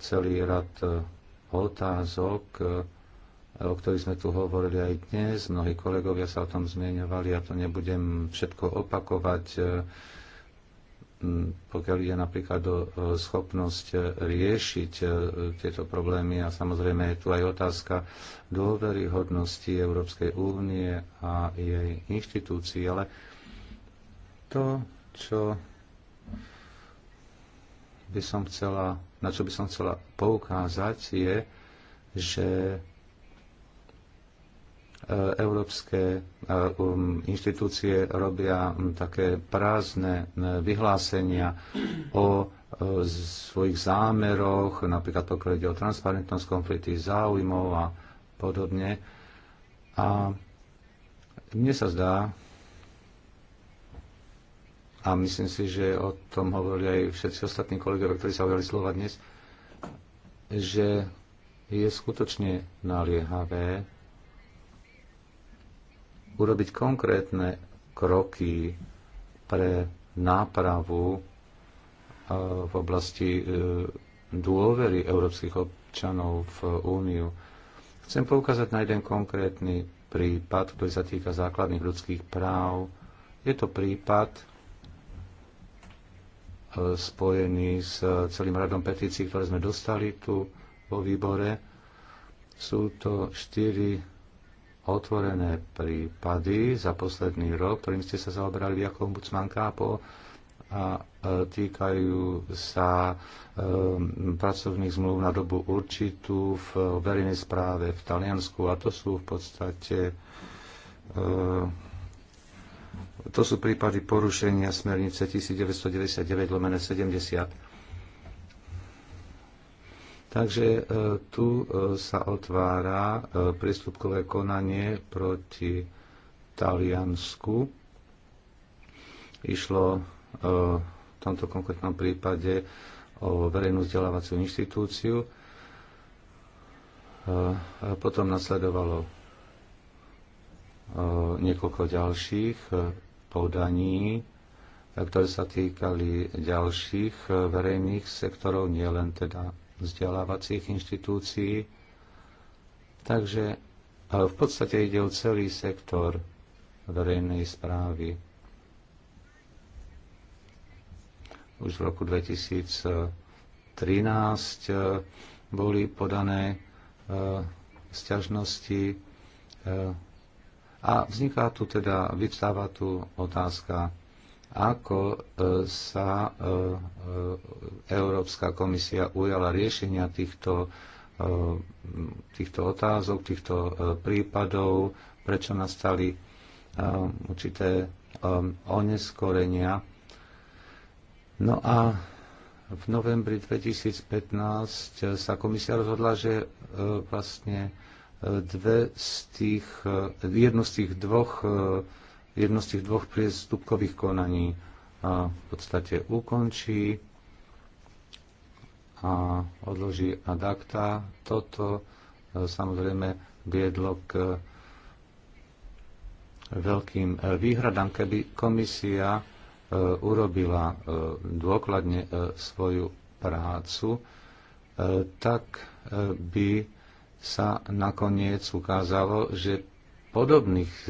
celý rad otázok, o ktorých sme tu hovorili aj dnes. Mnohí kolegovia sa o tom zmieňovali, ja to nebudem všetko opakovať pokiaľ ide napríklad o schopnosť riešiť e, tieto problémy a samozrejme je tu aj otázka dôveryhodnosti Európskej únie a jej inštitúcií, ale to, čo by som chcela, na čo by som chcela poukázať, je, že európske e, um, inštitúcie robia také prázdne vyhlásenia o e, svojich zámeroch, napríklad pokiaľ ide o transparentnosť, konflikty záujmov a podobne. A mne sa zdá, a myslím si, že o tom hovorili aj všetci ostatní kolegovia, ktorí sa hovorili slova dnes, že je skutočne naliehavé urobiť konkrétne kroky pre nápravu e, v oblasti e, dôvery európskych občanov v Úniu. Chcem poukázať na jeden konkrétny prípad, ktorý sa týka základných ľudských práv. Je to prípad e, spojený s celým radom petícií, ktoré sme dostali tu vo výbore. Sú to štyri otvorené prípady za posledný rok, ktorým ste sa zaoberali ako ombudsmanka kápo a e, týkajú sa e, pracovných zmluv na dobu určitú v verejnej správe v Taliansku a to sú v podstate e, to sú prípady porušenia smernice 1999 70 Takže e, tu e, sa otvára e, prístupkové konanie proti Taliansku. Išlo v tomto konkrétnom prípade o verejnú vzdelávaciu inštitúciu. Potom nasledovalo niekoľko ďalších podaní, ktoré sa týkali ďalších verejných sektorov, nielen teda vzdelávacích inštitúcií. Takže ale v podstate ide o celý sektor verejnej správy. Už v roku 2013 eh, boli podané eh, sťažnosti eh, a vzniká tu teda, vyvstáva tu otázka ako e, sa e, e, Európska komisia ujala riešenia týchto, týchto otázok, týchto prípadov, prečo nastali určité oneskorenia. No a v novembri 2015 sa komisia rozhodla, že vlastne dve z tých, jednu z tých dvoch jedno z tých dvoch priestupkových konaní a v podstate ukončí a odloží ad acta. Toto e, samozrejme viedlo k veľkým e, výhradám, keby komisia e, urobila dôkladne svoju prácu, tak by sa nakoniec ukázalo, že podobných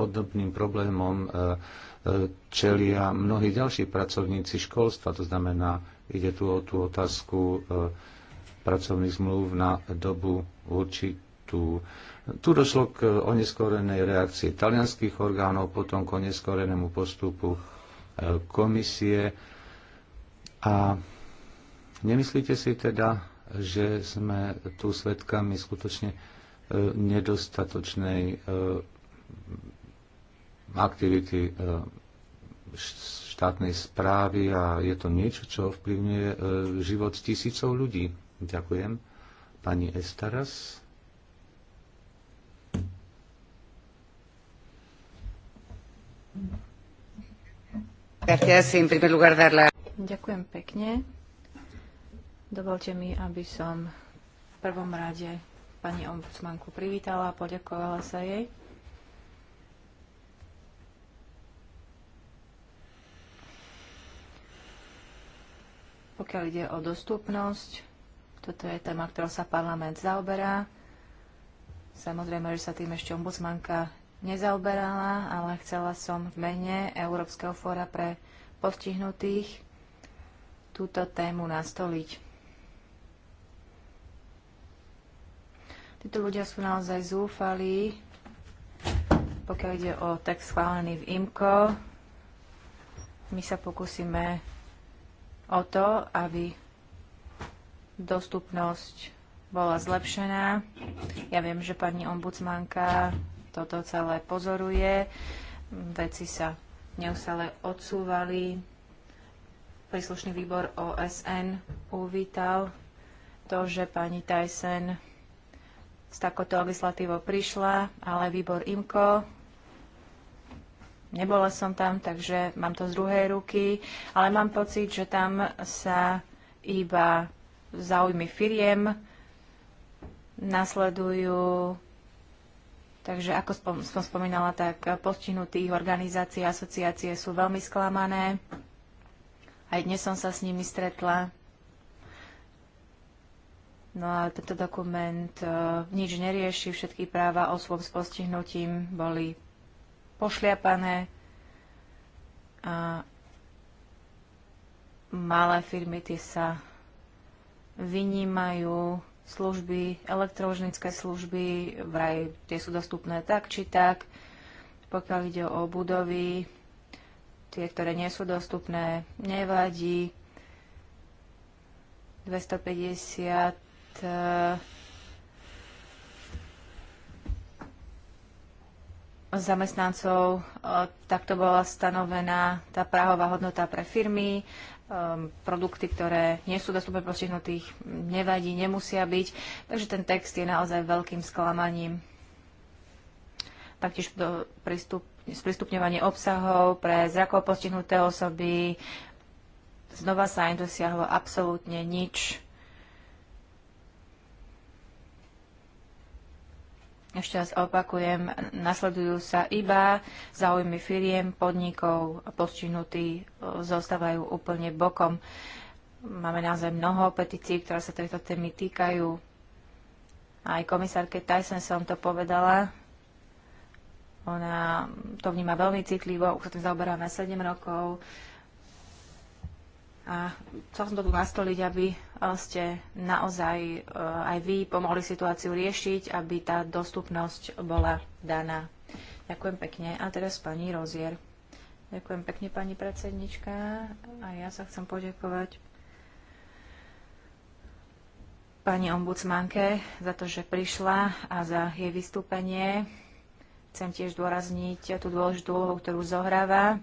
podobným problémom e, e, čelia mnohí ďalší pracovníci školstva. To znamená, ide tu o tú otázku e, pracovných zmluv na dobu určitú. Tu došlo k oneskorenej reakcii talianských orgánov, potom k oneskorenému postupu komisie. A nemyslíte si teda, že sme tu svedkami skutočne nedostatočnej aktivity e, štátnej správy a je to niečo, čo ovplyvňuje e, život tisícov ľudí. Ďakujem. Pani Estaras. Ďakujem pekne. Dovolte mi, aby som v prvom rade pani ombudsmanku privítala a poďakovala sa jej pokiaľ ide o dostupnosť. Toto je téma, ktorou sa parlament zaoberá. Samozrejme, že sa tým ešte ombudsmanka nezaoberala, ale chcela som v mene Európskeho fóra pre postihnutých túto tému nastoliť. Títo ľudia sú naozaj zúfalí, pokiaľ ide o text schválený v IMCO. My sa pokúsime o to, aby dostupnosť bola zlepšená. Ja viem, že pani ombudsmanka toto celé pozoruje. Veci sa neustále odsúvali. Príslušný výbor OSN uvítal to, že pani Tyson s takouto legislatívou prišla, ale výbor IMCO Nebola som tam, takže mám to z druhej ruky, ale mám pocit, že tam sa iba záujmy firiem nasledujú. Takže ako som spomínala, tak postihnutých organizácií a asociácie sú veľmi sklamané. Aj dnes som sa s nimi stretla. No a tento dokument eh, nič nerieši, všetky práva osôb s postihnutím boli pošliapané a malé firmy tie sa vynímajú služby, elektrožnické služby, vraj tie sú dostupné tak či tak. Pokiaľ ide o budovy, tie, ktoré nie sú dostupné, nevadí. 250 zamestnancov, e, takto bola stanovená tá práhová hodnota pre firmy, e, produkty, ktoré nie sú dostupné postihnutých, nevadí, nemusia byť. Takže ten text je naozaj veľkým sklamaním. Taktiež prístup, sprístupňovanie obsahov pre zrakov postihnuté osoby. Znova sa im dosiahlo absolútne nič Ešte raz opakujem, nasledujú sa iba záujmy firiem, podnikov, postihnutí e, zostávajú úplne bokom. Máme naozaj mnoho petícií, ktoré sa tejto témy týkajú. Aj komisárke Tyson som to povedala. Ona to vníma veľmi citlivo, už sa tým zaoberáme 7 rokov. A chcel som to tu nastoliť, aby eh, ste naozaj eh, aj vy pomohli situáciu riešiť, aby tá dostupnosť bola daná. Ďakujem pekne. A teraz pani Rozier. Ďakujem pekne, pani predsednička. A ja sa chcem poďakovať pani ombudsmanke za to, že prišla a za jej vystúpenie. Chcem tiež dôrazniť tú dôležitú úlohu, ktorú zohráva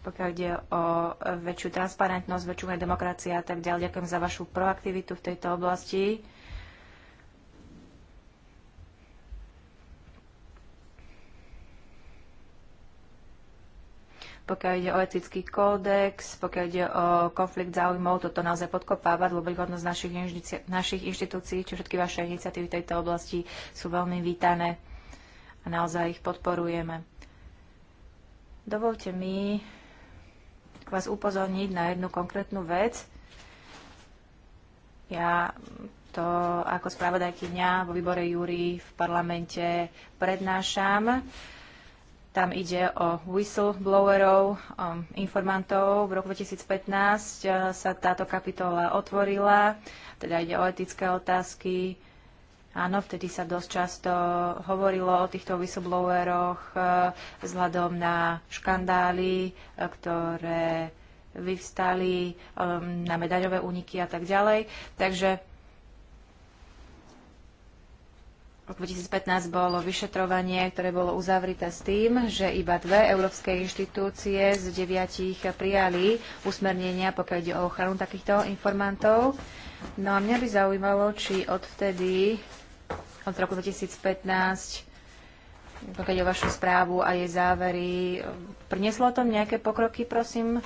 pokiaľ ide o väčšiu transparentnosť, väčšiu demokracia a tak ďalej. Ďakujem za vašu proaktivitu v tejto oblasti. pokiaľ ide o etický kódex, pokiaľ ide o konflikt záujmov, toto naozaj podkopáva dôveryhodnosť našich, inštitúcií, našich inštitúcií, čiže všetky vaše iniciatívy v tejto oblasti sú veľmi vítané a naozaj ich podporujeme. Dovolte mi vás upozorniť na jednu konkrétnu vec. Ja to ako dňa vo výbore Júri v parlamente prednášam. Tam ide o whistleblowerov, o um, informantov. V roku 2015 uh, sa táto kapitola otvorila, teda ide o etické otázky, Áno, vtedy sa dosť často hovorilo o týchto whistlebloweroch e, vzhľadom na škandály, e, ktoré vyvstali, e, na medaľové úniky a tak ďalej. Takže v 2015 bolo vyšetrovanie, ktoré bolo uzavrité s tým, že iba dve európske inštitúcie z deviatich prijali usmernenia, pokiaľ ide o ochranu takýchto informantov. No a mňa by zaujímalo, či odvtedy od roku 2015 pokiaľ o vašu správu a jej závery. Prinieslo o tom nejaké pokroky, prosím?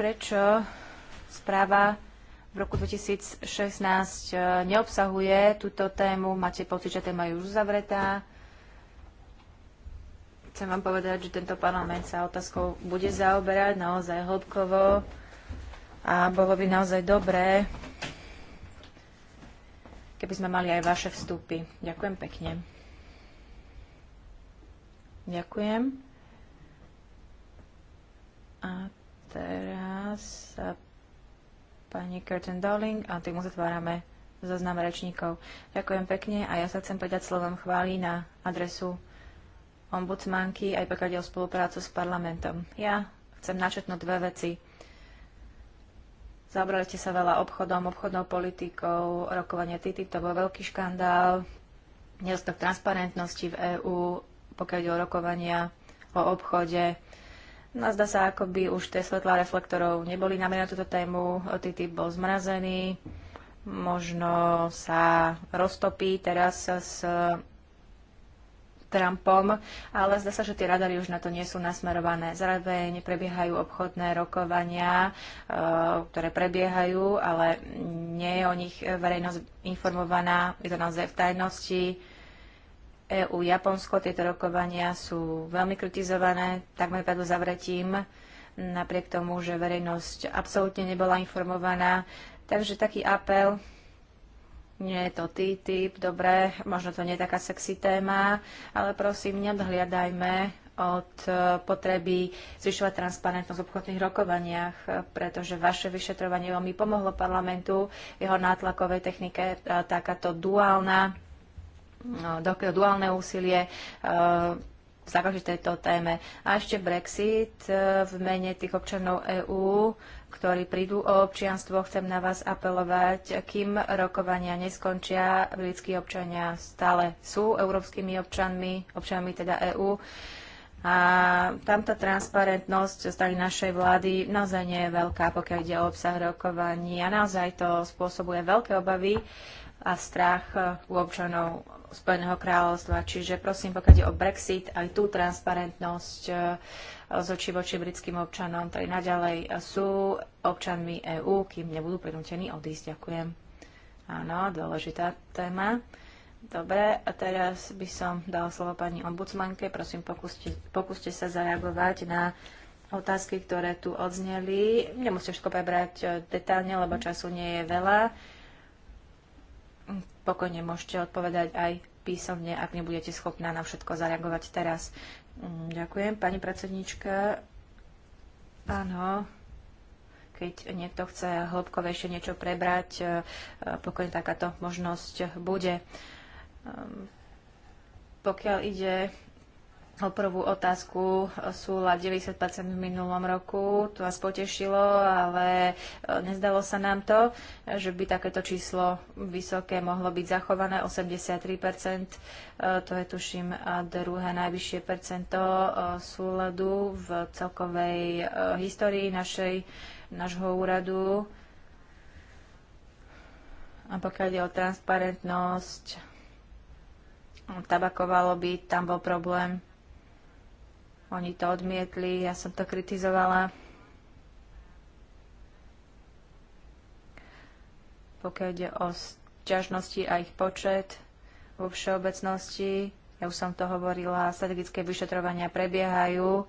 Prečo správa v roku 2016 eh, neobsahuje túto tému? Máte pocit, že téma je už uzavretá? Chcem vám povedať, že tento parlament sa otázkou bude zaoberať naozaj hĺbkovo a bolo by naozaj dobré, keby sme mali aj vaše vstupy. Ďakujem pekne. Ďakujem. A teraz pani Curtin Dowling a tým uzatvárame zoznam rečníkov. Ďakujem pekne a ja sa chcem povedať slovom chváli na adresu ombudsmanky aj pokiaľ spoluprácu s parlamentom. Ja chcem načetnúť dve veci. Zabrali ste sa veľa obchodom, obchodnou politikou, rokovanie TTIP, to bol veľký škandál, nedostok transparentnosti v EÚ, pokiaľ ide o rokovania o obchode. No zdá sa, ako by už tie svetlá reflektorov neboli na na túto tému, TTIP bol zmrazený, možno sa roztopí teraz s Trumpom, ale zdá sa, že tie radary už na to nie sú nasmerované. Zároveň prebiehajú obchodné rokovania, e, ktoré prebiehajú, ale nie je o nich verejnosť informovaná, je to naozaj v tajnosti. EU, Japonsko, tieto rokovania sú veľmi kritizované, takmer pred zavretím, napriek tomu, že verejnosť absolútne nebola informovaná. Takže taký apel nie je to typ dobre, možno to nie je taká sexy téma, ale prosím, neodhliadajme od e, potreby zvyšovať transparentnosť v obchodných rokovaniach, pretože vaše vyšetrovanie veľmi pomohlo parlamentu, jeho nátlakovej technike, e, takáto duálna, no, duálne úsilie e, sa tejto téme. A ešte Brexit e, v mene tých občanov EÚ, ktorí prídu o občianstvo, chcem na vás apelovať, kým rokovania neskončia, britskí občania stále sú európskymi občanmi, občanmi teda EÚ. A tamto transparentnosť zo strany našej vlády naozaj nie je veľká, pokiaľ ide o obsah rokovaní. A naozaj to spôsobuje veľké obavy a strach e, u občanov Spojeného kráľovstva. Čiže prosím, pokiaľ ide o Brexit, aj tú transparentnosť e, z očí voči britským občanom, ktorí naďalej e, sú občanmi EÚ, kým nebudú prinútení odísť. Ďakujem. Áno, dôležitá téma. Dobre, a teraz by som dal slovo pani ombudsmanke. Prosím, pokúste, pokúste sa zareagovať na otázky, ktoré tu odzneli. Nemusíte všetko prebrať detálne, lebo času nie je veľa. Pokojne môžete odpovedať aj písomne, ak nebudete schopná na všetko zareagovať teraz. Mm, ďakujem, pani predsednička. Áno, keď niekto chce hĺbkovejšie niečo prebrať, e, e, pokojne takáto možnosť bude. Ehm, pokiaľ ide o prvú otázku súľad 90% v minulom roku. To vás potešilo, ale e, nezdalo sa nám to, že by takéto číslo vysoké mohlo byť zachované. 83%, e, to je tuším druhé najvyššie percento e, súladu v celkovej histórii našej, našho úradu. A pokiaľ ide o transparentnosť, tabakovalo by, tam bol problém oni to odmietli, ja som to kritizovala. Pokiaľ ide o ťažnosti a ich počet vo všeobecnosti, ja už som to hovorila, strategické vyšetrovania prebiehajú,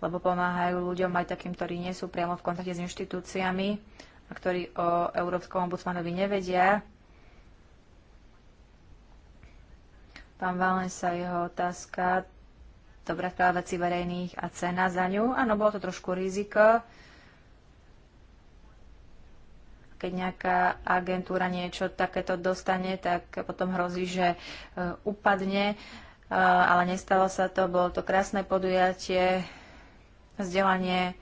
lebo pomáhajú ľuďom aj takým, ktorí nie sú priamo v kontakte s inštitúciami a ktorí o Európskom ombudsmanovi nevedia. Pán Valen sa jeho otázka dobrá vecí verejných a cena za ňu. Áno, bolo to trošku riziko, keď nejaká agentúra niečo takéto dostane, tak potom hrozí, že e, upadne, e, ale nestalo sa to, bolo to krásne podujatie, vzdelanie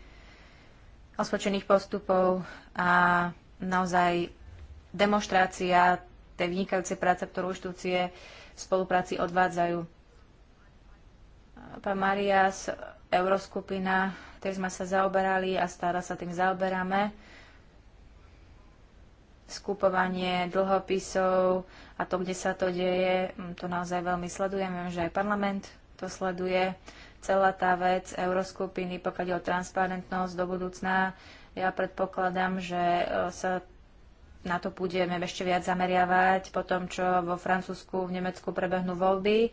osvočených postupov a naozaj demonstrácia tej vynikajúcej práce, ktorú inštitúcie v spolupráci odvádzajú. Pán Marias, Euroskupina, tým sme sa zaoberali a stále sa tým zaoberáme. Skupovanie dlhopisov a to, kde sa to deje, mm, to naozaj veľmi sledujem. Viem, že aj parlament to sleduje. Celá tá vec Euroskupiny, pokiaľ je o transparentnosť do budúcna, ja predpokladám, že e, sa na to budeme ešte viac zameriavať po tom, čo vo Francúzsku, v Nemecku prebehnú voľby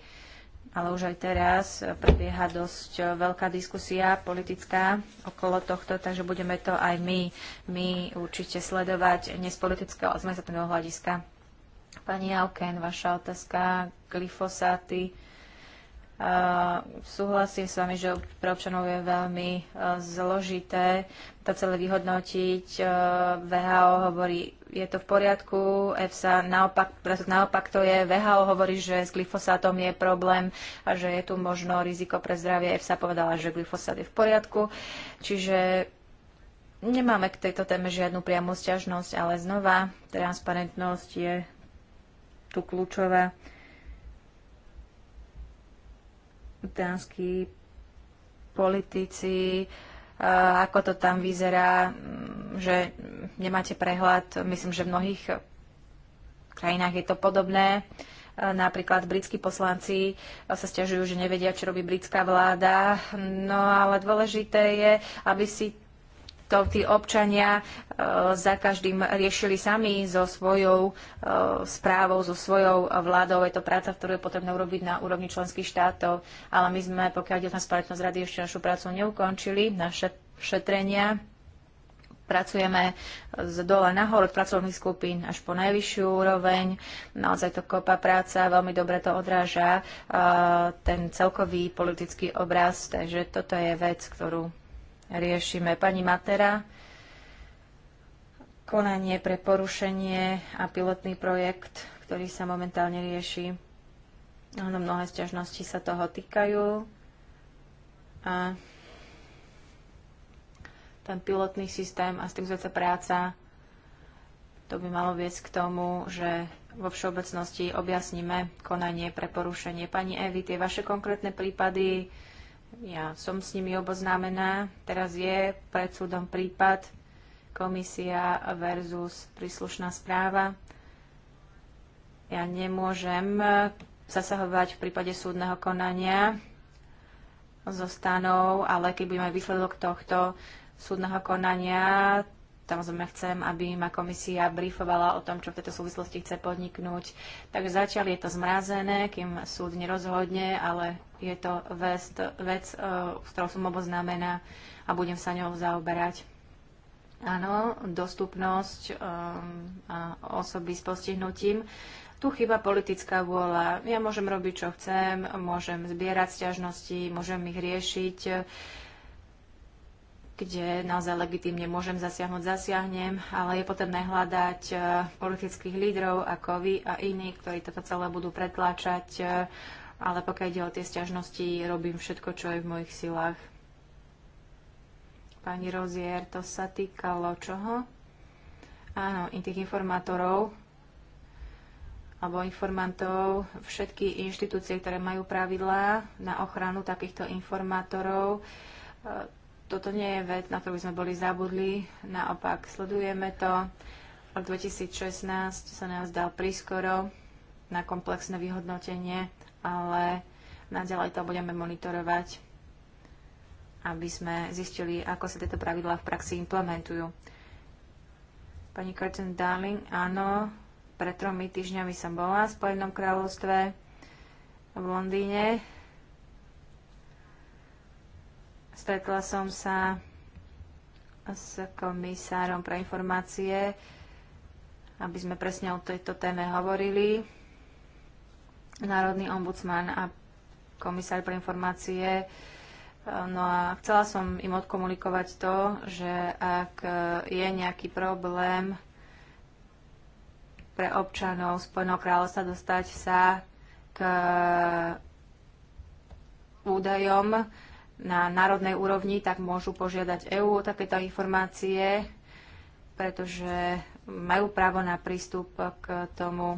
ale už aj teraz prebieha dosť veľká diskusia politická okolo tohto, takže budeme to aj my, my určite sledovať nie z politického, ale hľadiska. Pani Jauken, vaša otázka, glyfosáty Súhlasím s vami, že pre občanov je veľmi e, zložité to celé vyhodnotiť. E, VHO hovorí, je to v poriadku, EFSA naopak, naopak to je, VHO hovorí, že s glyfosátom je problém a že je tu možno riziko pre zdravie. EFSA povedala, že glyfosát je v poriadku, čiže nemáme k tejto téme žiadnu priamu sťažnosť, ale znova transparentnosť je tu kľúčová dánsky politici, ako to tam vyzerá, mm, že nemáte prehľad. Myslím, že v mnohých krajinách je to podobné. Napríklad britskí poslanci sa stiažujú, že nevedia, čo robí britská vláda. No ale dôležité je, aby si to tí občania e, za každým riešili sami so svojou e, správou, so svojou vládou. Je to práca, ktorú je potrebné urobiť na úrovni členských štátov, ale my sme, pokiaľ ide spoločnosť rady, ešte našu prácu neukončili, naše šetrenia. Pracujeme z dole nahor od pracovných skupín až po najvyššiu úroveň. Naozaj to kopa práca, veľmi dobre to odráža e, ten celkový politický obraz, takže toto je vec, ktorú riešime. Pani Matera, konanie pre porušenie a pilotný projekt, ktorý sa momentálne rieši. Áno, mnohé sťažnosti sa toho týkajú. A ten pilotný systém a s tým práca, to by malo viesť k tomu, že vo všeobecnosti objasníme konanie pre porušenie. Pani Evi, tie vaše konkrétne prípady, ja som s nimi oboznámená. Teraz je pred súdom prípad komisia versus príslušná správa. Ja nemôžem zasahovať v prípade súdneho konania so stanou, ale keď budeme výsledok tohto súdneho konania, Samozrejme chcem, aby ma komisia briefovala o tom, čo v tejto súvislosti chce podniknúť. Takže zatiaľ je to zmrazené, kým súd nerozhodne, ale je to vec, vec e, s ktorou som oboznámená a budem sa ňou zaoberať. Áno, dostupnosť um, a osoby s postihnutím. Tu chyba politická vôľa. Ja môžem robiť, čo chcem, môžem zbierať sťažnosti, môžem ich riešiť kde naozaj legitimne môžem zasiahnuť, zasiahnem, ale je potrebné hľadať eh, politických lídrov ako vy a iní, ktorí toto celé budú pretláčať, eh, ale pokiaľ ide o tie sťažnosti, robím všetko, čo je v mojich silách. Pani Rozier, to sa týkalo čoho? Áno, i tých informátorov, alebo informantov, všetky inštitúcie, ktoré majú pravidlá na ochranu takýchto informátorov, eh, toto nie je vec, na ktorú sme boli zabudli, naopak sledujeme to. Rok 2016 sa nás dal prískoro na komplexné vyhodnotenie, ale naďalej to budeme monitorovať, aby sme zistili, ako sa tieto pravidlá v praxi implementujú. Pani Curtin Darling, áno, pred tromi týždňami som bola v Spojenom kráľovstve v Londýne Stretla som sa s komisárom pre informácie, aby sme presne o tejto téme hovorili. Národný ombudsman a komisár pre informácie. No a chcela som im odkomunikovať to, že ak je nejaký problém pre občanov Spojeného kráľovstva dostať sa k údajom, na národnej úrovni, tak môžu požiadať EÚ o takéto informácie, pretože majú právo na prístup k tomu,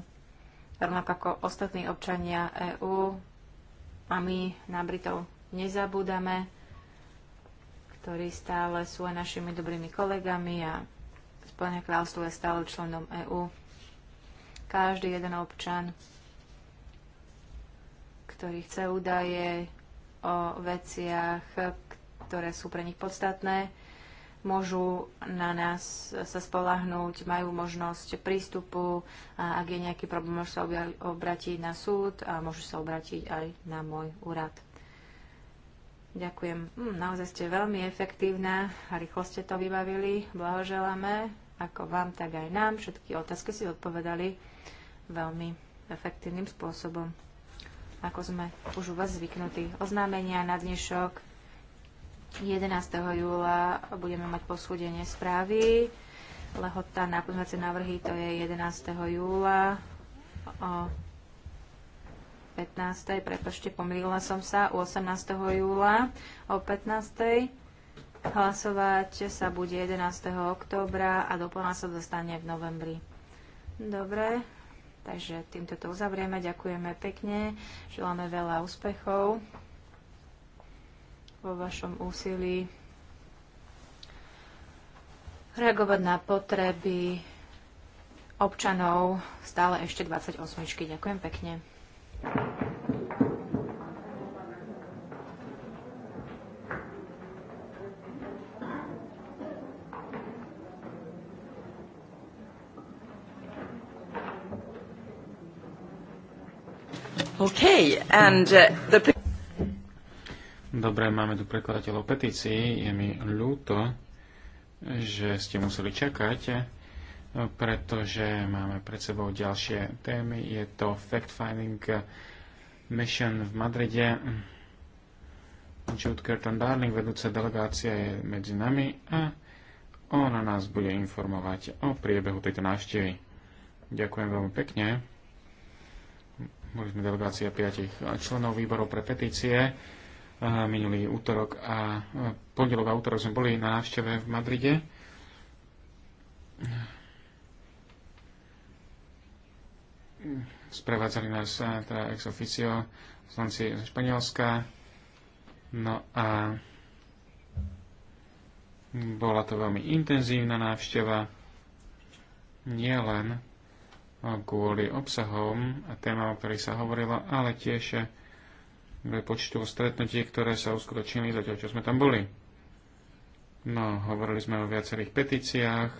rovnako ako ostatní občania EÚ. A my na Britov nezabúdame, ktorí stále sú aj našimi dobrými kolegami a Spojené kráľstvo je stále členom EÚ. Každý jeden občan, ktorý chce údaje, o veciach, ktoré sú pre nich podstatné, môžu na nás sa spolahnúť, majú možnosť prístupu a ak je nejaký problém, môžu sa obratiť na súd a môžu sa obratiť aj na môj úrad. Ďakujem. Hm, naozaj ste veľmi efektívna a rýchlo ste to vybavili. Blahoželáme ako vám, tak aj nám. Všetky otázky si odpovedali veľmi efektívnym spôsobom ako sme už u vás zvyknutí. Oznámenia na dnešok 11. júla budeme mať posúdenie správy. Lehota na pozmeňovacie návrhy to je 11. júla o 15. Prepačte, pomýlila som sa, u 18. júla o 15. Hlasovať sa bude 11. októbra a doplná sa dostane v novembri. Dobre, Takže týmto to uzavrieme. Ďakujeme pekne. Želáme veľa úspechov vo vašom úsilí reagovať na potreby občanov stále ešte 28. Ďakujem pekne. Okay, and uh, the... Dobre, máme tu prekladateľov petícií. Je mi ľúto, že ste museli čakať, pretože máme pred sebou ďalšie témy. Je to fact-finding mission v Madride. Jude Curtin Darling, vedúca delegácia, je medzi nami a ona nás bude informovať o priebehu tejto návštevy. Ďakujem veľmi pekne boli sme delegácia piatich členov výborov pre petície minulý útorok a pondelok a útorok sme boli na návšteve v Madride. Sprevádzali nás eh, teda ex officio slanci z Španielska. No a bola to veľmi intenzívna návšteva. Nie len kvôli obsahom a témam, o ktorých sa hovorilo, ale tiež počtu stretnutí, ktoré sa uskutočnili zatiaľ, čo sme tam boli. No, hovorili sme o viacerých petíciách,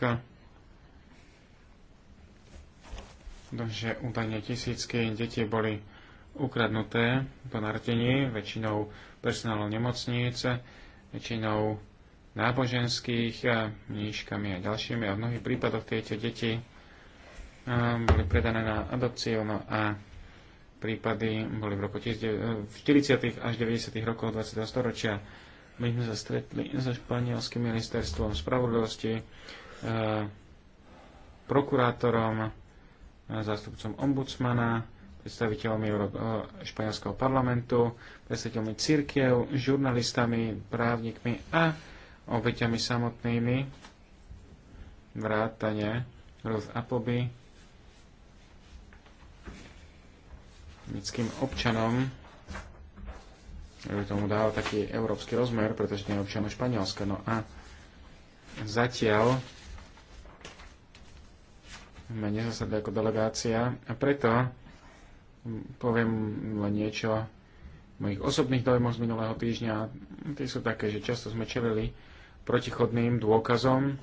že údajne tisícky deti boli ukradnuté po narodení, väčšinou personálov nemocníc, väčšinou náboženských, mníškami a ďalšími a v mnohých prípadoch tieto deti boli predané na adopciu no a prípady boli v roku 40. až 90. rokov 20. storočia. My sme sa stretli so španielským ministerstvom spravodlivosti, e, prokurátorom, e, zástupcom ombudsmana, predstaviteľmi e, španielského parlamentu, predstaviteľmi církev, žurnalistami, právnikmi a obeťami samotnými vrátane Ruth Appleby, britským občanom by tomu dal taký európsky rozmer, pretože nie je občanom Španielska. No a zatiaľ sme nezasadli ako delegácia a preto poviem len niečo mojich osobných dojmov z minulého týždňa. Tie sú také, že často sme čelili protichodným dôkazom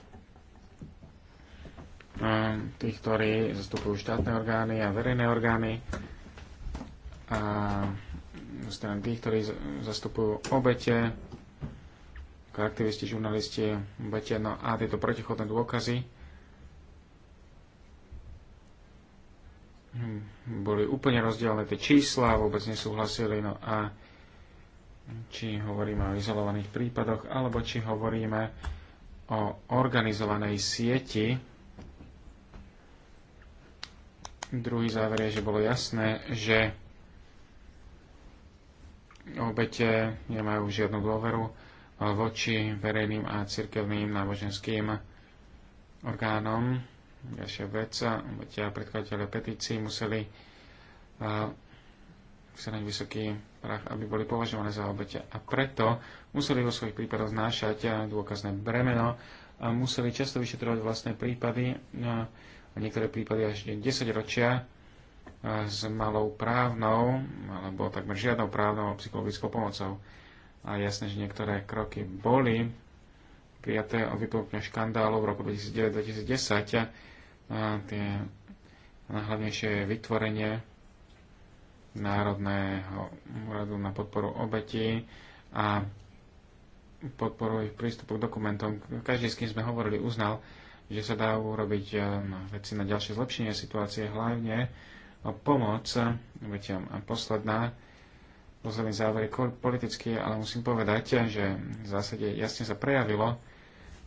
ehm, tých, ktorí zastupujú štátne orgány a verejné orgány a zo strany tých, ktorí zastupujú obete, ako aktivisti, žurnalisti, obete, no a tieto protichodné dôkazy hm, boli úplne rozdielne tie čísla, vôbec nesúhlasili, no a či hovoríme o izolovaných prípadoch, alebo či hovoríme o organizovanej sieti. Druhý záver je, že bolo jasné, že obete nemajú žiadnu dôveru voči verejným a cirkevným náboženským orgánom. Ďalšia vec, obete a predkladateľe petícií museli eh, vsadať vysoký prach, aby boli považované za obete. A preto museli vo svojich prípadoch znášať dôkazné bremeno a museli často vyšetrovať vlastné prípady, a niektoré prípady až 10 ročia, s malou právnou, alebo takmer žiadnou právnou psychologickou pomocou. A jasné, že niektoré kroky boli prijaté o vypukne škandálu v roku 2009-2010. Tie najhlavnejšie vytvorenie Národného úradu na podporu obetí a podporu ich prístupu k dokumentom. Každý, s kým sme hovorili, uznal, že sa dá urobiť eh, veci na ďalšie zlepšenie situácie, hlavne pomoc obetiam. A posledná, posledný záver je politický, ale musím povedať, že v zásade jasne sa prejavilo,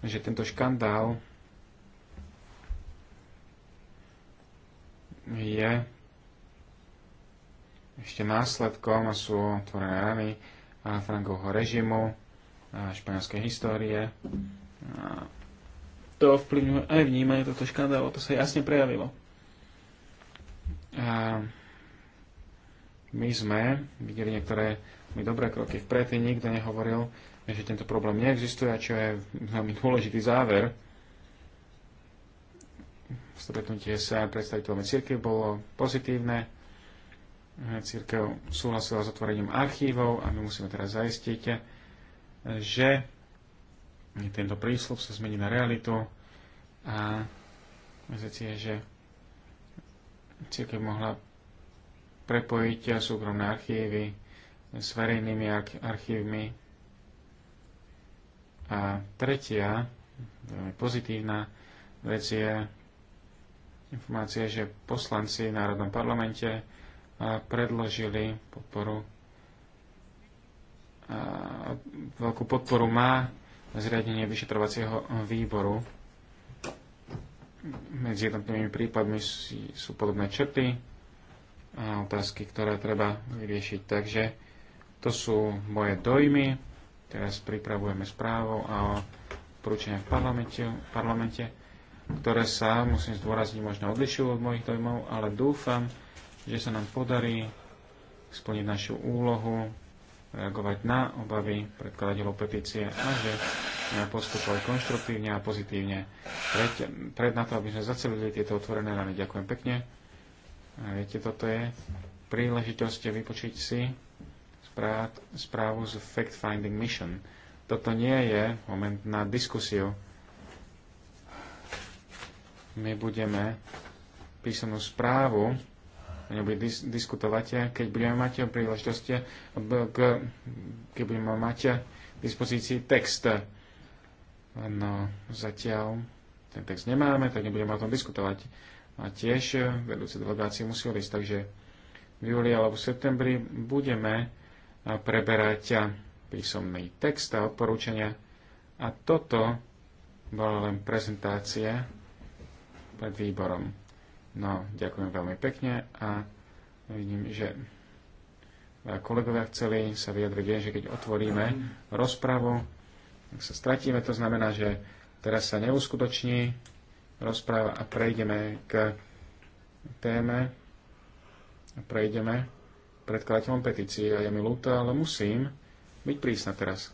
že tento škandál je ešte následkom a sú otvorené rany Frankovho režimu a španielskej histórie. A to ovplyvňuje aj vnímanie tohto škandálu, to sa jasne prejavilo. A my sme videli niektoré my dobré kroky vpred, nikto nehovoril, že tento problém neexistuje, a čo je veľmi dôležitý záver. Stretnutie sa predstaviteľmi církev bolo pozitívne. Církev súhlasila s otvorením archívov a my musíme teraz zaistiť, že tento prísľub sa zmení na realitu a je, že církev mohla prepojiť súkromné archívy s verejnými archívmi. A tretia, veľmi pozitívna vec je informácia, že poslanci v Národnom parlamente predložili podporu a veľkú podporu má zriadenie vyšetrovacieho výboru medzi jednotlivými prípadmi sú podobné črty a otázky, ktoré treba vyriešiť. Takže to sú moje dojmy. Teraz pripravujeme správu a poručenia v parlamente, v parlamente, ktoré sa, musím zdôrazniť, možno odlišujú od mojich dojmov, ale dúfam, že sa nám podarí splniť našu úlohu reagovať na obavy predkladateľov petície a že e, postupovať konštruktívne a pozitívne pred, pred na to, aby sme zacelili tieto otvorené rany. Ďakujem pekne. A viete, toto je príležitosť vypočiť si správ, správu z Fact Finding Mission. Toto nie je moment na diskusiu. My budeme písanú správu nebude dis- diskutovať, keď budeme mať príležitosť, keď budeme mať v dispozícii text. No, zatiaľ ten text nemáme, tak nebudeme o tom diskutovať. A tiež vedúce delegácie musí odísť, takže v júli alebo v septembri budeme preberať písomný text a odporúčania. A toto bola len prezentácia pred výborom No, ďakujem veľmi pekne a vidím, že kolegovia chceli sa vyjadriť. že keď otvoríme rozpravu, tak sa stratíme. To znamená, že teraz sa neuskutoční rozpráva a prejdeme k téme. a Prejdeme predkladateľom petícii. a je mi ľúto, ale musím byť prísna teraz.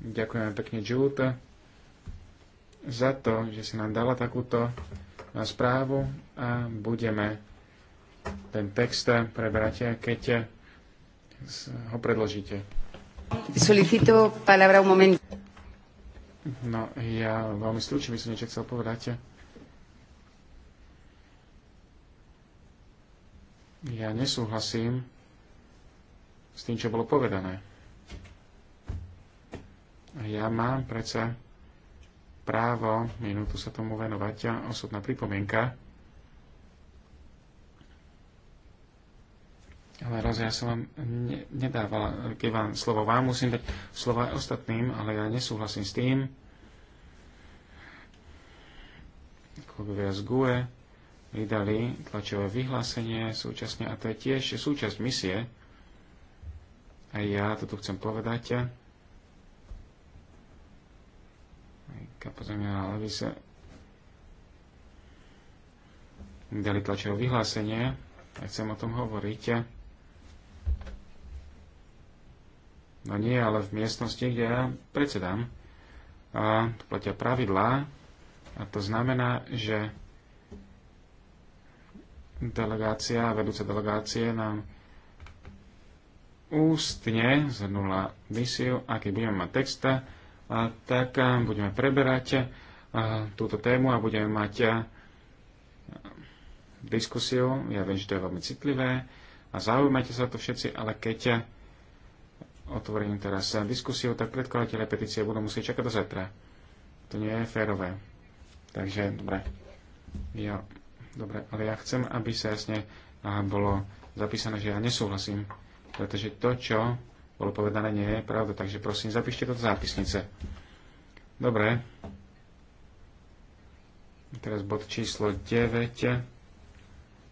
Ďakujem pekne Jude za to, že si nám dala takúto na správu a budeme ten text prebrať, keď ho predložíte. Solicito palabra un momento. No, ja veľmi stručne by som niečo chcel povedať. Ja nesúhlasím s tým, čo bolo povedané. Ja mám predsa právo minútu sa tomu venovať a osobná pripomienka. Ale raz ja som vám ne, nedávala, keď vám slovo vám, musím dať slovo aj ostatným, ale ja nesúhlasím s tým. Kolegovia z GUE vydali tlačové vyhlásenie súčasne a to je tiež súčasť misie. A ja toto chcem povedať. na levise. dali tlačové vyhlásenie a chcem o tom hovoriť. No nie, ale v miestnosti, kde ja predsedám, a platia pravidlá a to znamená, že delegácia, vedúca delegácie nám ústne zhrnula misiu, aký budeme mať texta, tak eh, budeme preberať eh, túto tému a budeme mať eh, diskusiu. Ja viem, že to je veľmi citlivé a zaujímajte sa to všetci, ale keď otvorím teraz diskusiu, tak predkladateľe petície budú musieť čakať do zetra. To nie je férové. Takže, dobre. Ja, dobre, ale ja chcem, aby sa jasne bolo zapísané, že ja nesúhlasím, pretože to, čo bolo povedané, nie je pravda. Takže prosím, zapíšte to do zápisnice. Dobre. Teraz bod číslo 9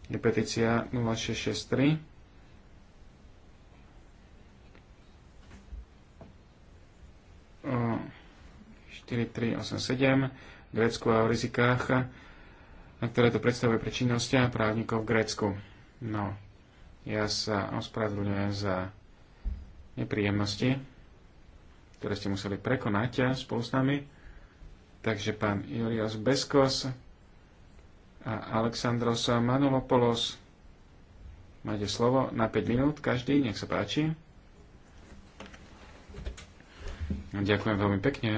je petícia 0663. O 4387 v Grécku a o rizikách, na ktoré to predstavuje pre činnosti a právnikov v Grécku. No, ja sa ospravedlňujem za nepríjemnosti, ktoré ste museli prekonať spolu s nami. Takže pán Iorios Beskos a Alexandros Manolopoulos máte slovo na 5 minút každý, nech sa páči. Ďakujem veľmi pekne.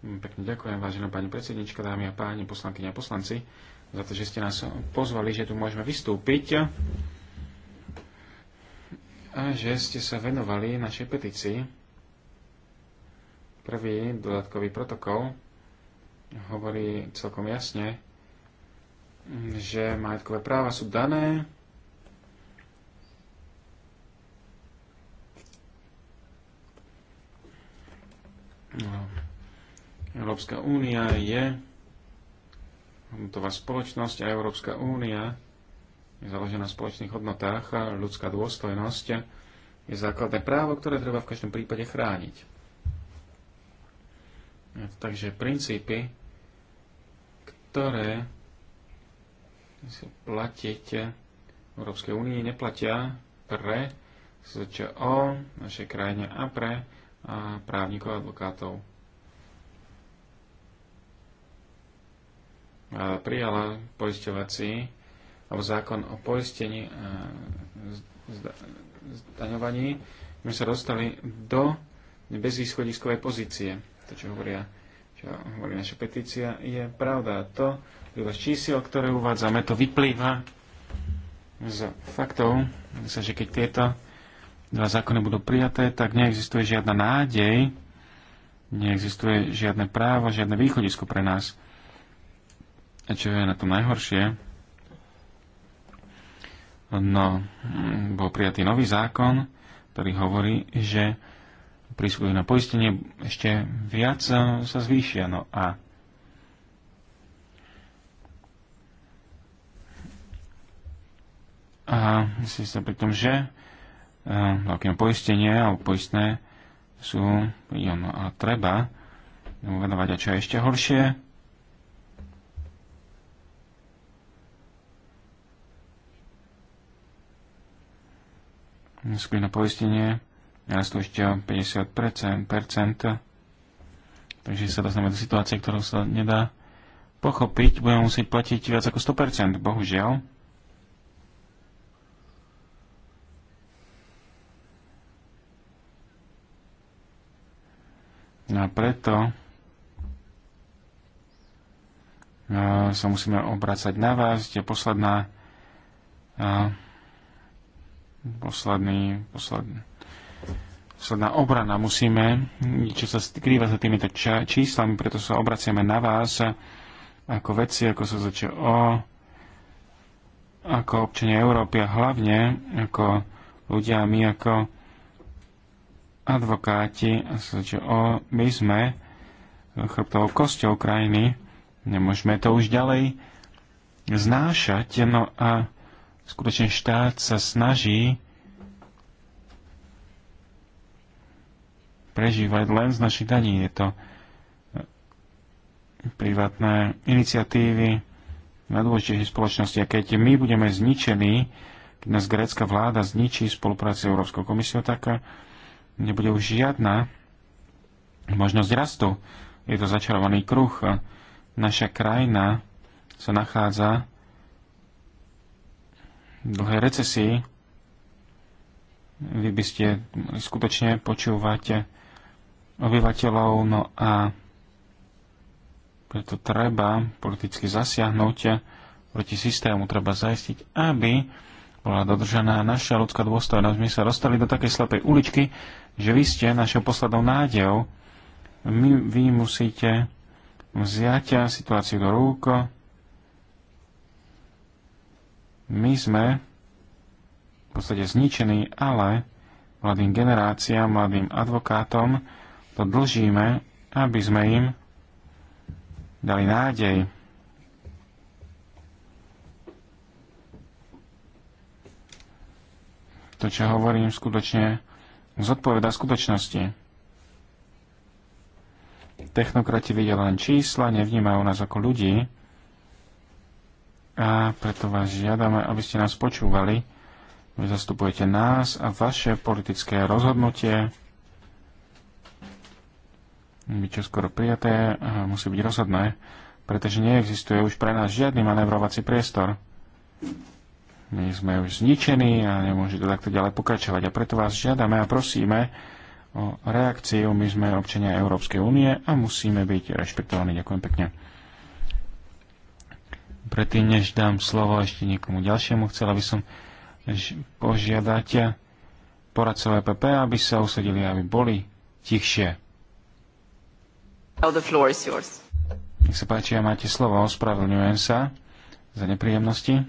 Pekne ďakujem, vážená pani predsednička, dámy a páni, poslankyne a poslanci, za to, že ste nás pozvali, že tu môžeme vystúpiť a že ste sa venovali našej petícii. Prvý dodatkový protokol hovorí celkom jasne, že majetkové práva sú dané no. Európska únia je to spoločnosť a Európska únia je založená na spoločných hodnotách a ľudská dôstojnosť je základné právo, ktoré treba v každom prípade chrániť. Takže princípy, ktoré platiť v Európskej únii, neplatia pre SČO, našej krajine a pre a právnikov a advokátov. A prijala poisťovací alebo zákon o poistení a e, zdaňovaní, sme sa dostali do bezvýschodiskovej pozície. To, čo hovoria, čo hovorí naša petícia, je pravda. To, z čísiel, ktoré uvádzame, to vyplýva z faktov, sa, že keď tieto dva zákony budú prijaté, tak neexistuje žiadna nádej, neexistuje žiadne právo, žiadne východisko pre nás. A čo je na tom najhoršie, No, bol prijatý nový zákon, ktorý hovorí, že príspevky na poistenie ešte viac eh, sa zvýšia. No a a myslím sa pri tom, že eh, veľké poistenie alebo poistné sú, no a treba uvedovať, a čo je ešte horšie, skupina poistenie narastú ešte o 50%, takže sa dostaneme do situácie, ktorú sa nedá pochopiť, budeme musieť platiť viac ako 100%, bohužiaľ. No a preto no, sa musíme obracať na vás, posledná posledný, posledný, posledná obrana. Musíme, čo sa skrýva za týmito číslami, preto sa obraciame na vás ako veci, ako sa o ako občania Európy a hlavne ako ľudia, my ako advokáti a o my sme chrbtovou kosťou krajiny, nemôžeme to už ďalej znášať, no a skutočne štát sa snaží prežívať len z našich daní. Je to privátne iniciatívy na najdôležitejšej spoločnosti. A keď my budeme zničení, keď nás grécka vláda zničí spolupráci s Európskou komisiou, tak nebude už žiadna možnosť rastu. Je to začarovaný kruh. Naša krajina sa nachádza dlhé recesii, vy by ste skutočne počúvať obyvateľov, no a preto treba politicky zasiahnuť proti systému, treba zaistiť, aby bola dodržaná naša ľudská dôstojnosť. My sa dostali do takej slepej uličky, že vy ste našou poslednou nádejou. My, vy musíte vziať situáciu do rúko. My sme v podstate zničení, ale mladým generáciám, mladým advokátom to dlžíme, aby sme im dali nádej. To, čo hovorím, skutočne zodpoveda skutočnosti. Technokrati vidia len čísla, nevnímajú nás ako ľudí, a preto vás žiadame, aby ste nás počúvali. Vy zastupujete nás a vaše politické rozhodnutie byť skoro prijaté a eh, musí byť rozhodné, pretože neexistuje už pre nás žiadny manevrovací priestor. My sme už zničení a nemôže to takto ďalej pokračovať. A preto vás žiadame a prosíme o reakciu. My sme občania Európskej únie a musíme byť rešpektovaní. Ďakujem pekne. Predtým, než dám slovo ešte niekomu ďalšiemu, chcela by som požiadať poradcov EPP, aby sa usadili, aby boli tichšie. Nech sa páči, ja máte slovo. Ospravedlňujem sa za nepríjemnosti.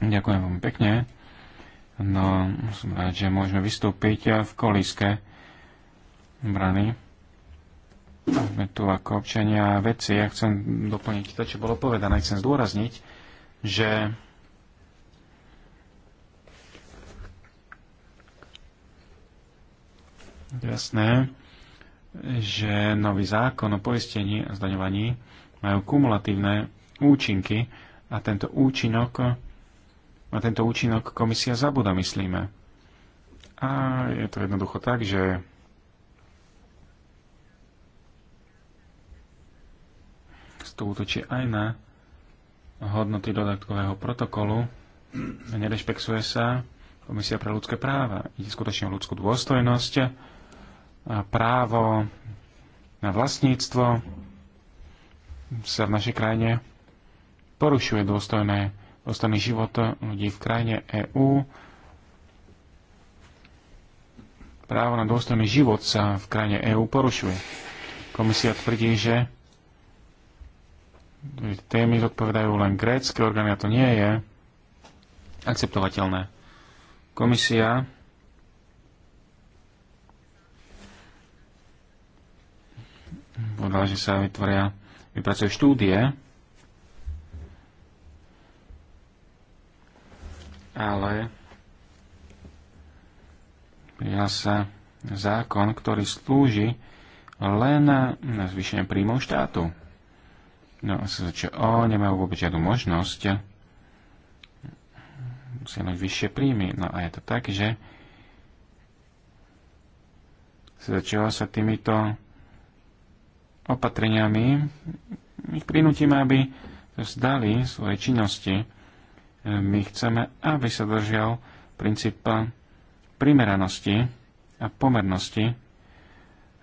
Ďakujem veľmi pekne. No, som rád, že môžeme vystúpiť v kolíske brany. Sme tu ako občania a Ja chcem doplniť to, čo bolo povedané. Chcem zdôrazniť, že Jasné, že nový zákon o poistení a zdaňovaní majú kumulatívne účinky a tento účinok, na tento účinok komisia zabúda, myslíme. A je to jednoducho tak, že to útočí aj na hodnoty dodatkového protokolu nerešpektuje sa Komisia pre ľudské práva. Ide skutočne o ľudskú dôstojnosť, a právo na vlastníctvo sa v našej krajine porušuje dôstojné, dôstojný život ľudí v krajine EÚ. Právo na dôstojný život sa v krajine EÚ porušuje. Komisia tvrdí, že témy zodpovedajú len grécké orgány a to nie je akceptovateľné. Komisia povedala, že sa vytvoria, vypracujú štúdie, ale prijal sa zákon, ktorý slúži len na zvýšenie príjmov štátu. No a SZČO nemajú vôbec žiadnu možnosť mať vyššie príjmy. No a je to tak, že SZČO sa týmito opatreniami ich prinútime, aby vzdali svoje činnosti. My chceme, aby sa držal princíp primeranosti a pomernosti,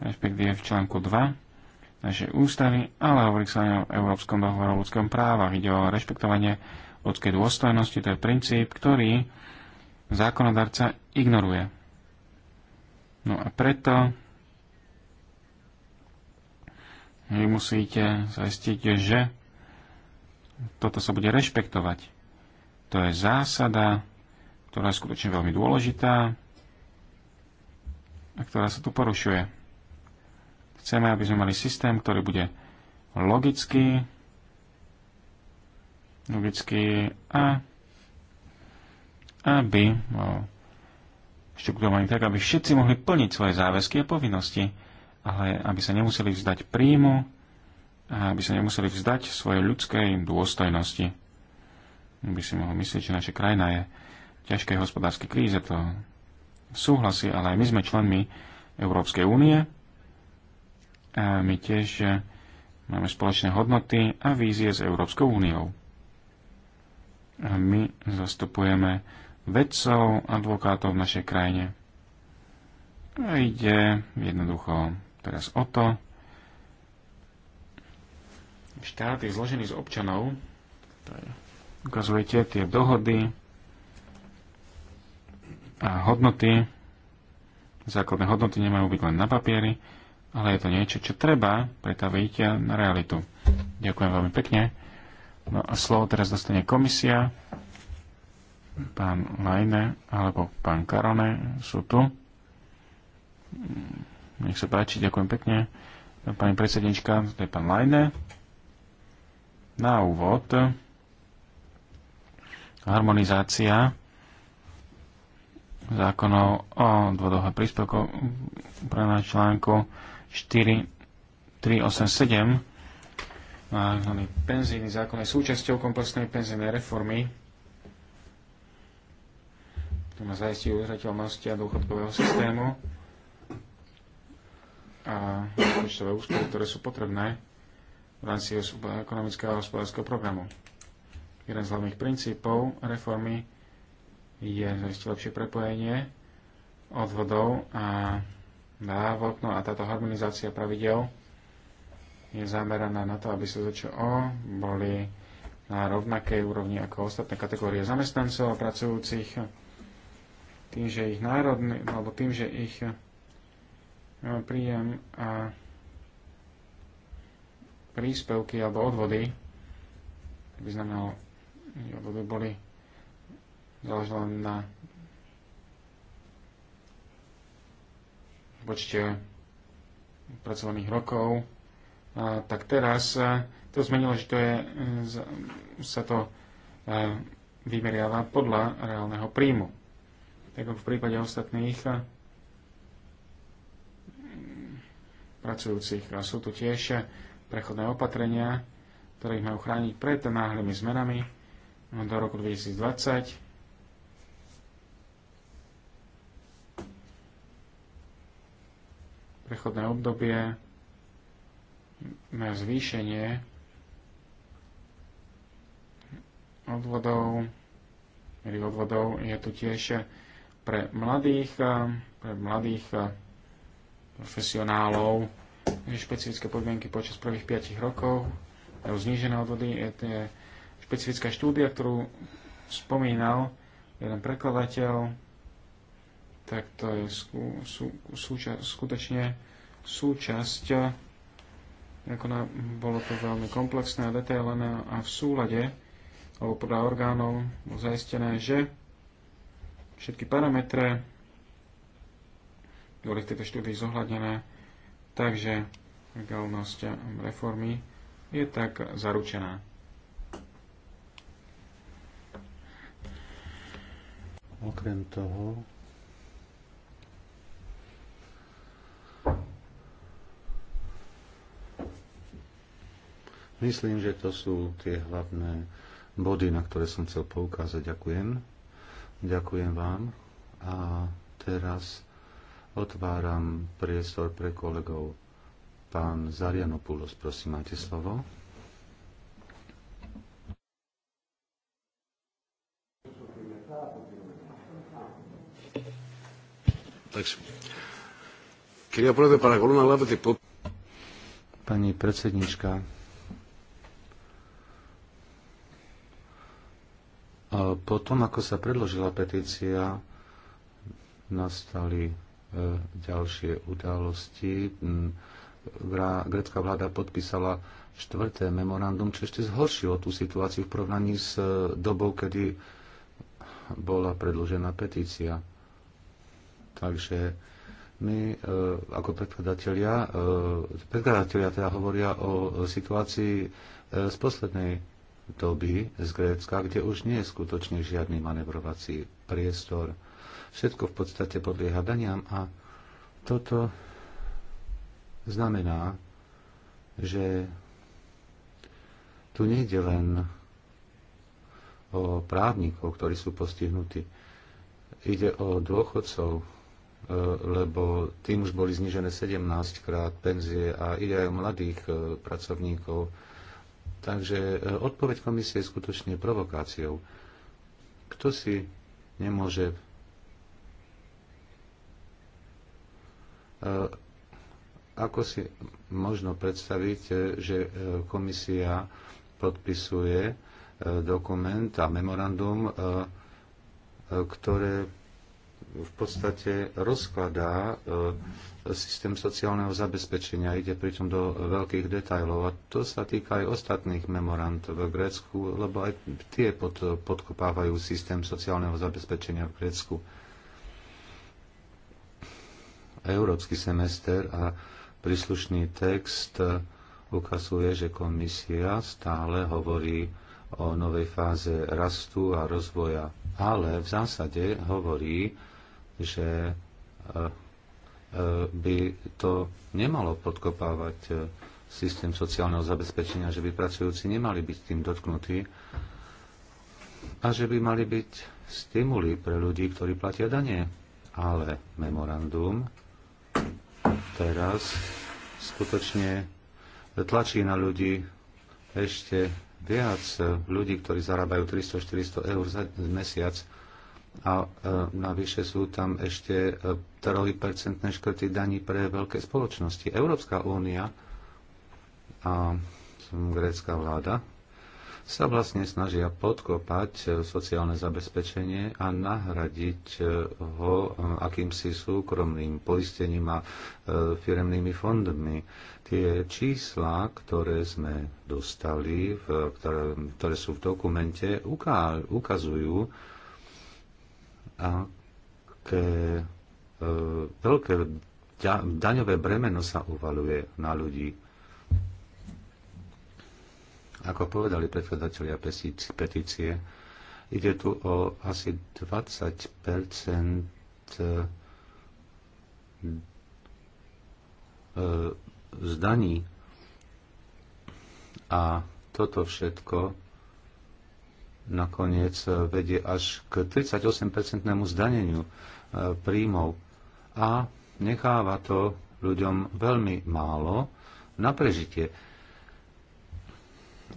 respektíve v článku 2 našej ústavy, ale hovorí sa aj o Európskom dohovore o ľudskom práva. Ide o rešpektovanie ľudskej dôstojnosti, to je princíp, ktorý zákonodarca ignoruje. No a preto vy musíte zaistiť, že toto sa bude rešpektovať. To je zásada, ktorá je skutočne veľmi dôležitá a ktorá sa tu porušuje. Chceme, aby sme mali systém, ktorý bude logický, logický a aby bol tak, aby všetci mohli plniť svoje záväzky a povinnosti, ale aby sa nemuseli vzdať príjmu a aby sa nemuseli vzdať svojej ľudskej dôstojnosti. By si mohol myslieť, že naša krajina je v ťažkej hospodárskej kríze, to súhlasí, ale aj my sme členmi Európskej únie a my tiež e, máme spoločné hodnoty a vízie s Európskou úniou. A my zastupujeme vedcov, advokátov v našej krajine. A ide jednoducho teraz o to, štát je zložený z občanov, ukazujete tie dohody a hodnoty, základné hodnoty nemajú byť len na papieri, ale je to niečo, čo treba pretaviť na realitu. Ďakujem veľmi pekne. No a slovo teraz dostane komisia. Pán Lajne alebo pán Karone sú tu. Nech sa páči, ďakujem pekne. Pani predsednička, to je pán Lajne. Na úvod harmonizácia zákonov o dôvodoch a príspevkov pre náš článku 4387 a penzíny zákon je súčasťou komplexnej penzínej reformy, to má zajistiť udržateľnosť a dôchodkového systému a rozpočtové úspory, ktoré sú potrebné v rámci ekonomického a hospodárskeho programu. Jeden z hlavných princípov reformy je zajistiť lepšie prepojenie odvodov a návod. No a táto harmonizácia pravidel je zameraná na to, aby sa ZČO boli na rovnakej úrovni ako ostatné kategórie zamestnancov a pracujúcich tým, že ich národný, alebo tým, že ich e, príjem a príspevky alebo odvody by znamenalo, by boli záležalo na počte pracovaných rokov, a, tak teraz e, to zmenilo, že to je, e, sa to e, vymeriava podľa reálneho príjmu. Tak v prípade ostatných pracujúcich. A sú tu tiež prechodné opatrenia, ktoré ich majú chrániť pred náhlymi zmenami do roku 2020 prechodné obdobie na zvýšenie odvodov, milých odvodov je tu tiež pre mladých, pre mladých profesionálov špecifické podmienky počas prvých 5 rokov, znížené odvody, je to špecifická štúdia, ktorú spomínal jeden prekladateľ, tak to je skú, sú, súča, skutočne súčasť, ako na, bolo to veľmi komplexné a detailné a v súlade, alebo podľa orgánov bolo zaistené, že všetky parametre boli v tejto štúdii zohľadnené, takže legálnosť reformy je tak zaručená. Okrem toho, Myslím, že to sú tie hlavné body, na ktoré som chcel poukázať. Ďakujem. Ďakujem vám. A teraz otváram priestor pre kolegov. Pán Zarianopoulos, prosím, máte slovo. Pani predsednička, Potom, ako sa predložila petícia, nastali e, ďalšie udalosti. Hm, grecká vláda podpísala štvrté memorandum, čo ešte zhoršilo tú situáciu v porovnaní s e, dobou, kedy bola predložená petícia. Takže my e, ako predkladatelia, predkladatelia teda hovoria o situácii z poslednej doby z Grécka, kde už nie je skutočne žiadny manevrovací priestor. Všetko v podstate podlieha daniam a toto znamená, že tu nejde len o právnikov, ktorí sú postihnutí. Ide o dôchodcov, e, lebo tým už boli znižené 17 krát penzie a ide aj o mladých e, pracovníkov, Takže e, odpoveď komisie je skutočne provokáciou. Kto si nemôže e, ako si možno predstaviť, e, že komisia podpisuje dokument a memorandum, ktoré v podstate rozkladá e, systém sociálneho zabezpečenia, ide pritom do veľkých detajlov. A to sa týka aj ostatných memorand v Grécku, lebo aj tie pod, podkopávajú systém sociálneho zabezpečenia v Grécku. Európsky semester a príslušný text ukazuje, že komisia stále hovorí o novej fáze rastu a rozvoja, ale v zásade hovorí že e, e, by to nemalo podkopávať e, systém sociálneho zabezpečenia, že by pracujúci nemali byť tým dotknutí a že by mali byť stimuli pre ľudí, ktorí platia danie. Ale memorandum teraz skutočne tlačí na ľudí ešte viac ľudí, ktorí zarábajú 300-400 eur za mesiac, a e, navyše sú tam ešte e, trojpercentné škrty daní pre veľké spoločnosti. Európska únia a grécka vláda sa vlastne snažia podkopať e, sociálne zabezpečenie a nahradiť e, ho akýmsi súkromným poistením a firemnými fondmi. Tie čísla, ktoré sme dostali, ktoré, sú v dokumente, ukazujú, aké e, veľké daňové bremeno sa uvaluje na ľudí. Ako povedali predkladatelia petície, ide tu o asi 20 e, zdaní. A toto všetko nakoniec e, vedie až k 38-percentnému zdaneniu e, príjmov a necháva to ľuďom veľmi málo na prežitie.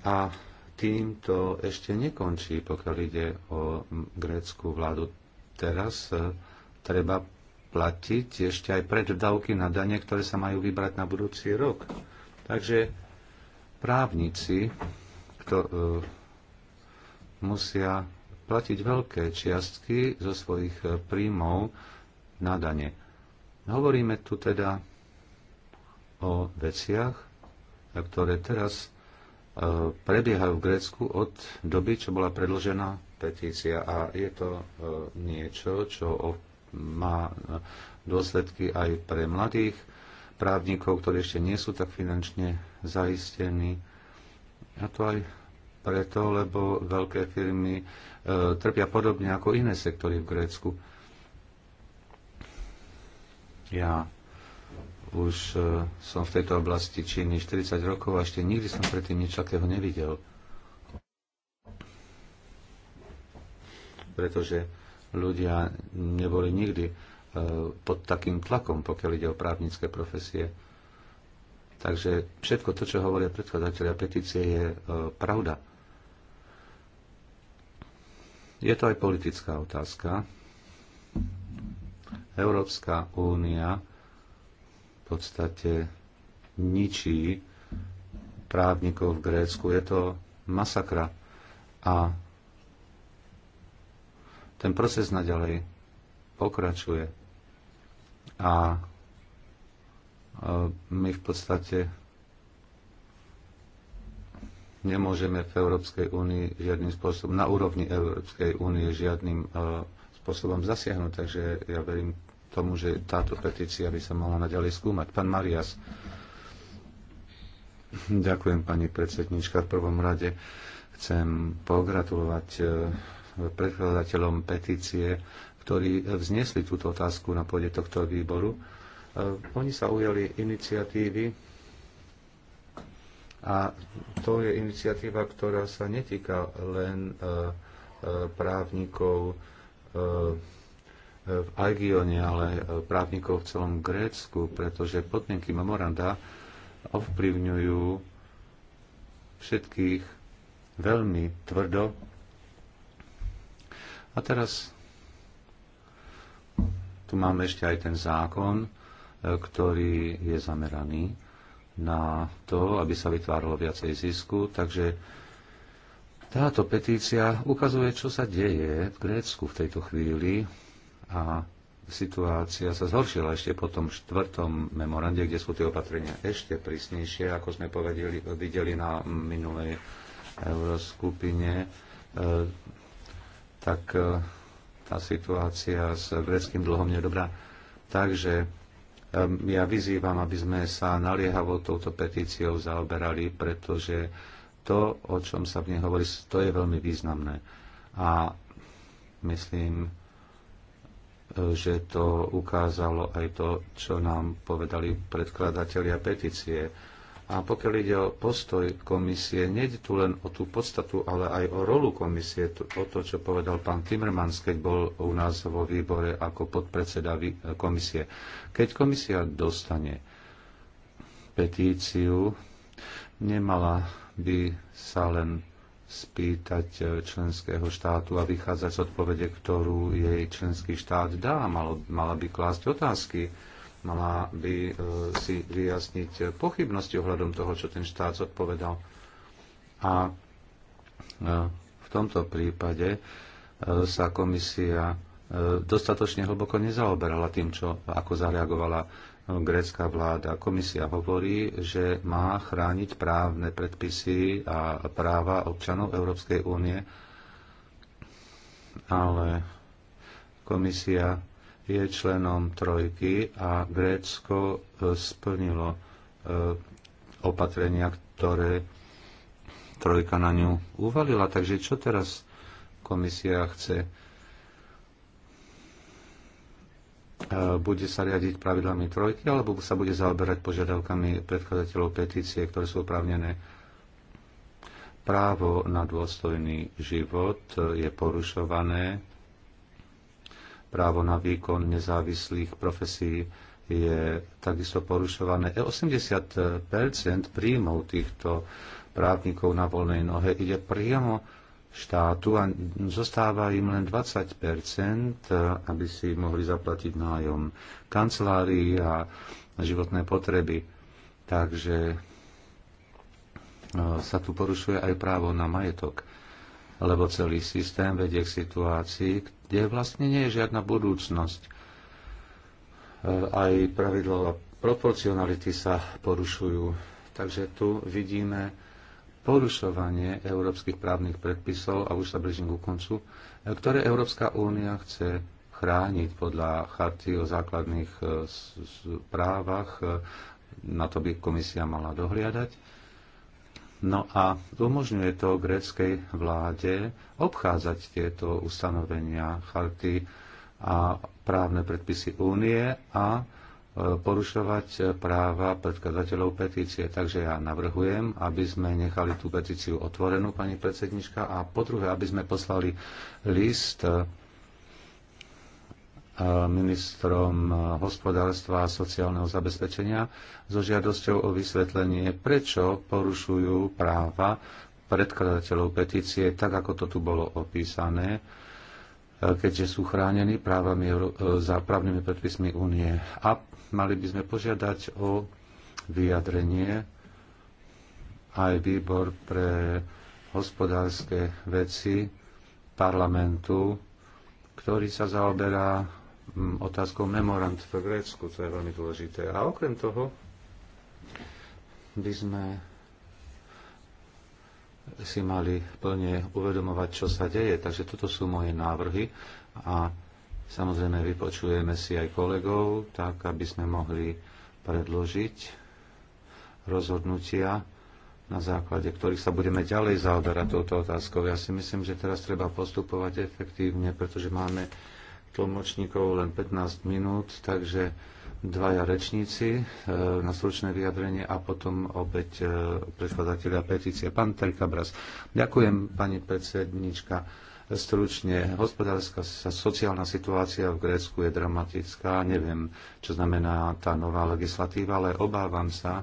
A tým to ešte nekončí, pokiaľ ide o grécku vládu. Teraz e, treba platiť ešte aj preddavky na dane, ktoré sa majú vybrať na budúci rok. Takže právnici, kto, musia platiť veľké čiastky zo svojich e, príjmov na dane. Hovoríme tu teda o veciach, e, ktoré teraz e, prebiehajú v Grécku od doby, čo bola predložená petícia a je to niečo, čo má dôsledky aj pre mladých právnikov, ktorí ešte nie sú tak finančne zaistení. A to aj preto, lebo veľké firmy e, trpia podobne ako iné sektory v Grécku. Ja už e, som v tejto oblasti činný 40 rokov a ešte nikdy som predtým nič takého nevidel. Pretože ľudia neboli nikdy e, pod takým tlakom, pokiaľ ide o právnické profesie. Takže všetko to, čo hovoria predkladateľia petície, je pravda. Je to aj politická otázka. Európska únia v podstate ničí právnikov v Grécku. Je to masakra. A ten proces naďalej pokračuje. A e, my v podstate nemôžeme v Európskej únii žiadnym spôsobom, na úrovni Európskej únie žiadnym e, spôsobom zasiahnuť. Takže ja verím tomu, že táto petícia by sa mala naďalej skúmať. Pán Marias. Ďakujem, pani predsednička. V prvom rade chcem pogratulovať e, predkladateľom petície, ktorí vznesli túto otázku na pôde tohto výboru. E, oni sa ujali iniciatívy a to je iniciatíva, ktorá sa netýka len e, e, právnikov e, v Agione, ale právnikov v celom Grécku, pretože podmienky memoranda ovplyvňujú všetkých veľmi tvrdo. A teraz tu máme ešte aj ten zákon, ktorý je zameraný na to, aby sa vytváralo viacej zisku. Takže táto petícia ukazuje, čo sa deje v Grécku v tejto chvíli a situácia sa zhoršila ešte po tom štvrtom memorande, kde sú tie opatrenia ešte prísnejšie, ako sme povedeli, videli na minulej euroskupine. E, tak e, tá situácia s greckým dlhom je dobrá. Takže Ehm, ja vyzývam, aby sme sa naliehavo touto petíciou zaoberali, pretože to, o čom sa v nej hovorí, to je veľmi významné. A myslím, ehm, že to ukázalo aj to, čo nám povedali predkladatelia petície a pokiaľ ide o postoj komisie, nejde tu len o tú podstatu, ale aj o rolu komisie, o to, čo povedal pán Timmermans, keď bol u nás vo výbore ako podpredseda e, komisie. Keď komisia dostane petíciu, nemala by sa len spýtať e, členského štátu a vychádzať z odpovede, ktorú jej členský štát dá. Malo, mala by klásť otázky mala by e, si vyjasniť pochybnosti ohľadom toho, čo ten štát zodpovedal. A e, v tomto prípade e, sa komisia dostatočne hlboko nezaoberala tým, čo, ako zareagovala grécka vláda. Komisia hovorí, že má chrániť právne predpisy a práva občanov Európskej únie, ale komisia je členom trojky a Grécko e, splnilo e, opatrenia, ktoré trojka na ňu uvalila. Takže čo teraz komisia chce? E, bude sa riadiť pravidlami trojky alebo sa bude zaoberať požiadavkami predkladateľov petície, ktoré sú oprávnené právo na dôstojný život je porušované právo na výkon nezávislých profesí je takisto porušované. 80 e, príjmov týchto právnikov na voľnej nohe ide priamo štátu a zostáva im len 20 e, aby si mohli zaplatiť nájom kancelárií a životné potreby. Takže e, sa tu porušuje aj právo na majetok lebo celý systém vedie k situácii, kde vlastne nie je žiadna budúcnosť. E, aj pravidlo proporcionality sa porušujú. Takže tu vidíme porušovanie európskych právnych predpisov, a už sa blížim ku koncu, e, ktoré Európska únia chce chrániť podľa charty o základných e, právach. Na to by komisia mala dohliadať. No a umožňuje to gréckej vláde obchádzať tieto ustanovenia charty a právne predpisy únie a e, porušovať práva predkladateľov petície. Takže ja navrhujem, aby sme nechali tú petíciu otvorenú, pani predsednička, a po druhé, aby sme poslali list e, ministrom hospodárstva a sociálneho zabezpečenia so žiadosťou o vysvetlenie, prečo porušujú práva predkladateľov petície, tak ako to tu bolo opísané, e, keďže sú chránení právami, e, za právnymi predpismi únie. A mali by sme požiadať o vyjadrenie aj výbor pre hospodárske veci parlamentu, ktorý sa zaoberá otázkou memorand v Grécku, to je veľmi dôležité. A okrem toho by sme si mali plne uvedomovať, čo sa deje. Takže toto sú moje návrhy a samozrejme vypočujeme si aj kolegov, tak aby sme mohli predložiť rozhodnutia, na základe ktorých sa budeme ďalej zaoberať touto otázkou. Ja si myslím, že teraz treba postupovať efektívne, pretože máme tlmočníkov len 15 minút, takže dvaja rečníci e, na stručné vyjadrenie a potom opäť e, predkladateľa petície. Pán Terkabras, ďakujem pani predsednička. Stručne, hospodárska sociálna situácia v Grécku je dramatická. Neviem, čo znamená tá nová legislatíva, ale obávam sa,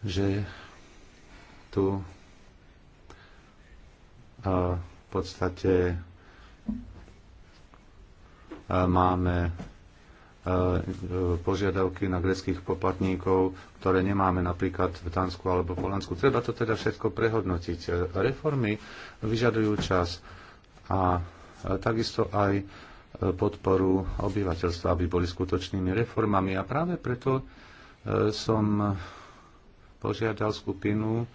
že tu e, v podstate máme e, požiadavky na greckých poplatníkov, ktoré nemáme napríklad v Dánsku alebo v Holandsku. Treba to teda všetko prehodnotiť. Reformy vyžadujú čas a takisto aj e, podporu obyvateľstva, aby boli skutočnými reformami. A práve preto e, som požiadal skupinu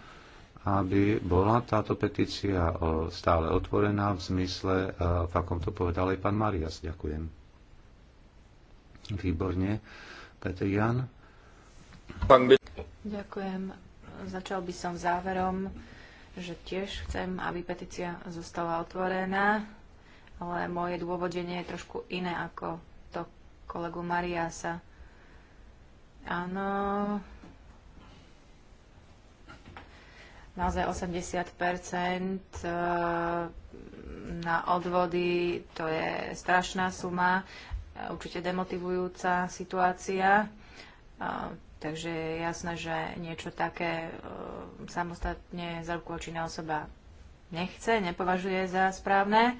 aby bola táto petícia eh, stále otvorená v zmysle, eh, v akom to povedal aj pán Marias. Ďakujem. Výborne. Peter Jan. Ďakujem. Začal by som záverom, že tiež chcem, aby petícia zostala otvorená, ale moje dôvodenie je trošku iné ako to kolegu Mariasa. Áno, naozaj 80 e, na odvody, to je strašná suma, e, určite demotivujúca situácia. E, takže je jasné, že niečo také samostatne zarukočinná osoba nechce, nepovažuje za správne.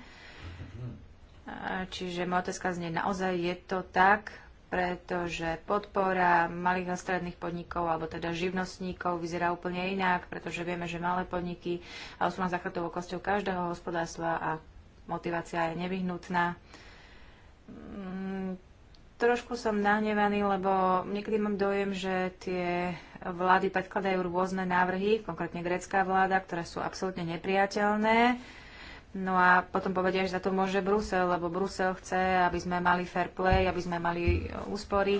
Mhm. Čiže moja otázka znie, naozaj je to tak, pretože podpora malých a stredných podnikov, alebo teda živnostníkov, vyzerá úplne inak, pretože vieme, že malé podniky sú na záchratovou kosťou každého hospodárstva a motivácia je nevyhnutná. Mm, trošku som nahnevaný, lebo niekedy mám dojem, že tie vlády predkladajú rôzne návrhy, konkrétne grécká vláda, ktoré sú absolútne nepriateľné No a potom povedia, že za to môže Brusel, lebo Brusel chce, aby sme mali fair play, aby sme mali e, úspory.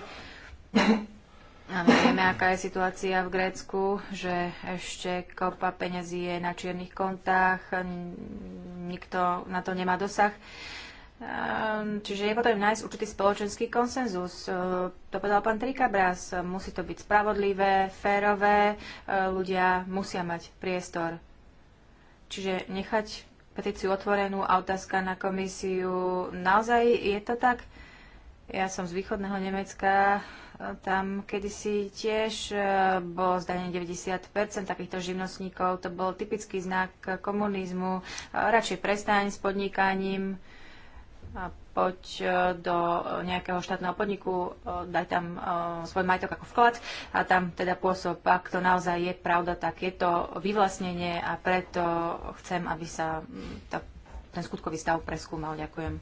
A my vieme, aká je situácia v Grécku, že ešte kopa peňazí je na čiernych kontách, nikto na to nemá dosah. Ehm, čiže je potrebné nájsť určitý spoločenský konsenzus. E, to povedal pán Trikabras, musí to byť spravodlivé, férové, e, ľudia musia mať priestor. Čiže nechať petíciu otvorenú a otázka na komisiu. Naozaj je to tak? Ja som z východného Nemecka, tam kedysi tiež e, bolo zdanie 90% takýchto živnostníkov, to bol typický znak komunizmu. E, radšej prestaň s podnikaním, poď e, do e, nejakého štátneho podniku, e, daj tam svoj majetok ako vklad a tam teda pôsob. Ak to naozaj je pravda, tak je to vyvlastnenie a preto chcem, aby sa mm, ten skutkový stav preskúmal. Ďakujem.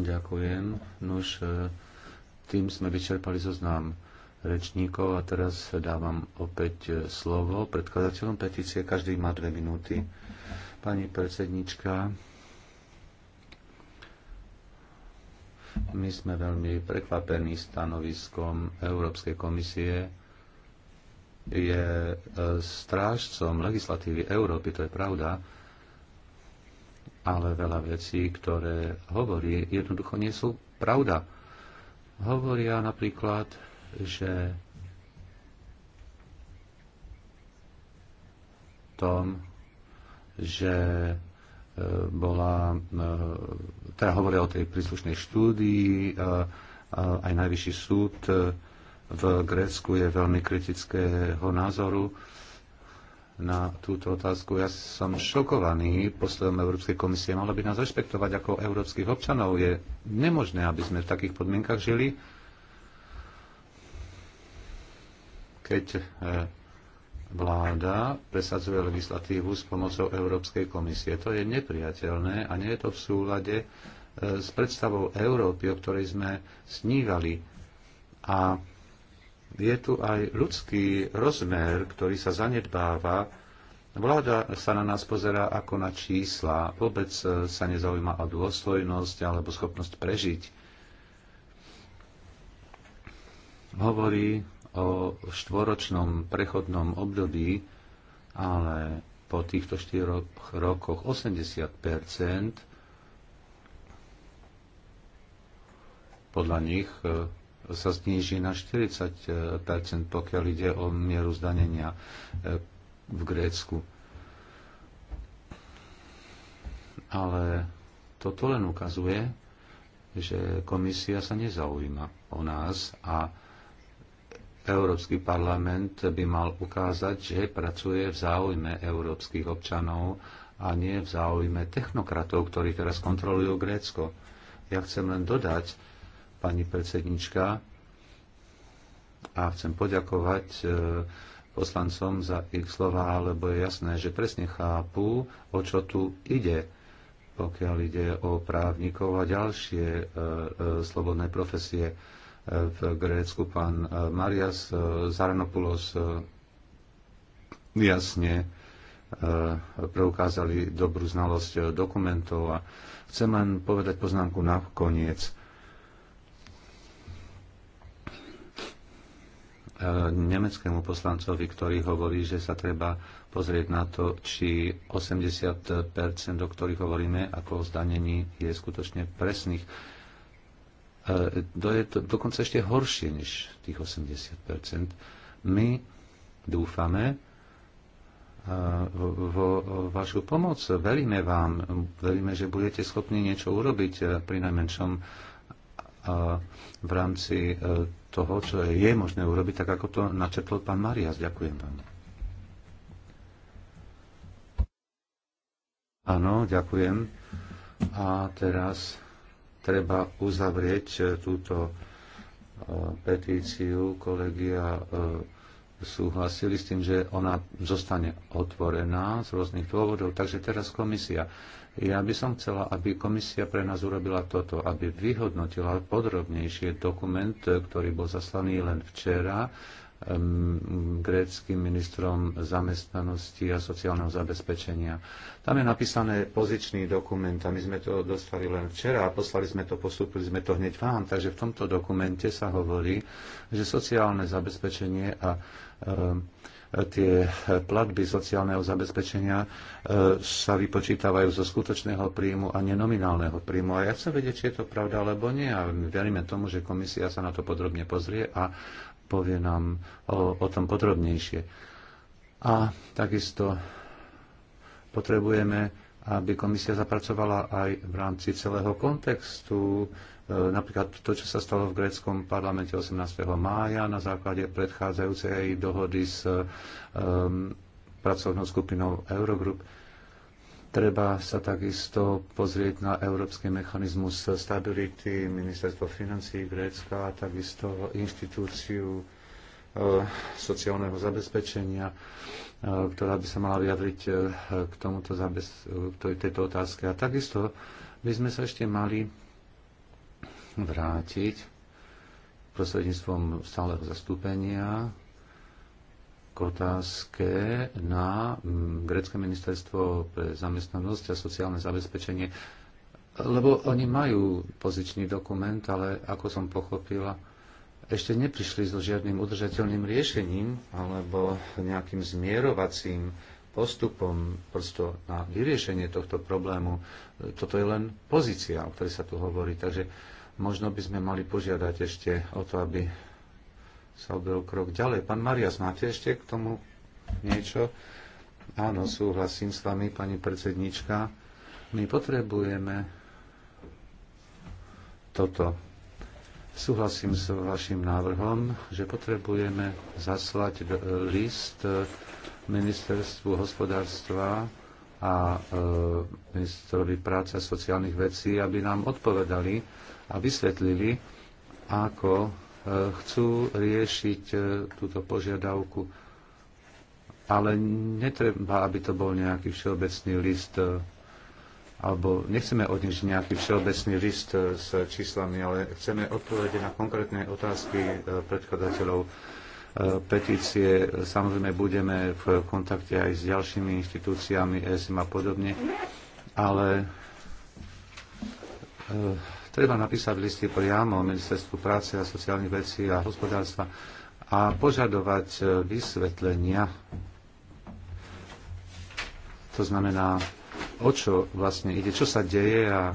Ďakujem. Nož, tým sme vyčerpali zoznam rečníkov a teraz dávam opäť e, slovo predkladateľom petície. Každý má dve minúty. Pani predsednička, my sme veľmi prekvapení stanoviskom Európskej komisie. Je e, strážcom legislatívy Európy, to je pravda, ale veľa vecí, ktoré hovorí, jednoducho nie sú pravda. Hovoria napríklad že tom, že e, bola, e, teda hovorí o tej príslušnej štúdii, e, aj najvyšší súd v Grécku je veľmi kritického názoru na túto otázku. Ja som šokovaný posledom Európskej komisie. Mala by nás rešpektovať ako európskych občanov. Je nemožné, aby sme v takých podmienkach žili keď e, vláda presadzuje legislatívu s pomocou Európskej komisie. To je nepriateľné a nie je to v súlade e, s predstavou Európy, o ktorej sme snívali. A je tu aj ľudský rozmer, ktorý sa zanedbáva. Vláda sa na nás pozerá ako na čísla. Vôbec e, sa nezaujíma o dôstojnosť alebo schopnosť prežiť. Hovorí o štvoročnom prechodnom období, ale po týchto štyroch rokoch 80 podľa nich e, sa zníži na 40 pokiaľ ide o mieru zdanenia e, v Grécku. Ale toto len ukazuje, že komisia sa nezaujíma o nás a Európsky parlament by mal ukázať, že pracuje v záujme európskych občanov a nie v záujme technokratov, ktorí teraz kontrolujú Grécko. Ja chcem len dodať, pani predsednička, a chcem poďakovať e, poslancom za ich slova, lebo je jasné, že presne chápu, o čo tu ide, pokiaľ ide o právnikov a ďalšie e, e, slobodné profesie v Grécku, pán e, Marias e, Zaranopoulos e, jasne preukázali dobrú znalosť dokumentov a chcem len povedať poznámku na koniec. nemeckému poslancovi, ktorý hovorí, že sa treba pozrieť na to, či 80%, o ktorých hovoríme ako o zdanení, je skutočne presných to je to dokonca ešte horšie než tých 80%. My dúfame vo vašu pomoc. Veríme vám, veríme, že budete schopní niečo urobiť e, pri najmenšom v rámci e, toho, čo je možné urobiť, tak ako to načetol pán Marias. Ďakujem vám. Áno, ďakujem. A teraz treba uzavrieť e, túto e, petíciu. Kolegia e, súhlasili s tým, že ona zostane otvorená z rôznych dôvodov. Takže teraz komisia. Ja by som chcela, aby komisia pre nás urobila toto, aby vyhodnotila podrobnejšie dokument, ktorý bol zaslaný len včera gréckým ministrom zamestnanosti a sociálneho zabezpečenia. Tam je napísané pozičný dokument a my sme to dostali len včera a poslali sme to, postupili sme to hneď vám. Takže v tomto dokumente sa hovorí, že sociálne zabezpečenie a tie platby sociálneho zabezpečenia sa vypočítavajú zo skutočného príjmu a nenominálneho príjmu. A ja chcem vedieť, či je to pravda alebo nie. A veríme tomu, že komisia sa na to podrobne pozrie a povie nám o, o tom podrobnejšie. A takisto potrebujeme, aby komisia zapracovala aj v rámci celého kontextu, e, napríklad to, čo sa stalo v gréckom parlamente 18. mája na základe predchádzajúcej dohody s um, pracovnou skupinou Eurogroup Treba sa takisto pozrieť na Európsky mechanizmus stability, ministerstvo financí Grécka a takisto inštitúciu e, sociálneho zabezpečenia, e, ktorá by sa mala vyjadriť e, k, tomuto zabez, k tejto otázke. A takisto by sme sa ešte mali vrátiť prostredníctvom stáleho zastúpenia otázke na mm, Grecké ministerstvo pre zamestnanosť a sociálne zabezpečenie, lebo oni majú pozičný dokument, ale ako som pochopila, ešte neprišli so žiadnym udržateľným riešením alebo nejakým zmierovacím postupom prosto na vyriešenie tohto problému. Toto je len pozícia, o ktorej sa tu hovorí. Takže možno by sme mali požiadať ešte o to, aby sa objel krok ďalej. Pán Marias, máte ešte k tomu niečo? Áno, súhlasím s vami, pani predsednička. My potrebujeme toto. Súhlasím s vašim návrhom, že potrebujeme zaslať e, list ministerstvu hospodárstva a e, ministrovi práce a sociálnych vecí, aby nám odpovedali a vysvetlili, ako chcú riešiť e, túto požiadavku. Ale netreba, aby to bol nejaký všeobecný list, e, alebo nechceme od nich nejaký všeobecný list e, s číslami, ale chceme odpovede na konkrétne otázky predkladateľov petície. Samozrejme, budeme v kontakte aj s ďalšími inštitúciami, ESM a podobne, ale Treba napísať listy priamo Ministerstvu práce a sociálnych vecí a hospodárstva a požadovať e, vysvetlenia. To znamená, o čo vlastne ide, čo sa deje a e,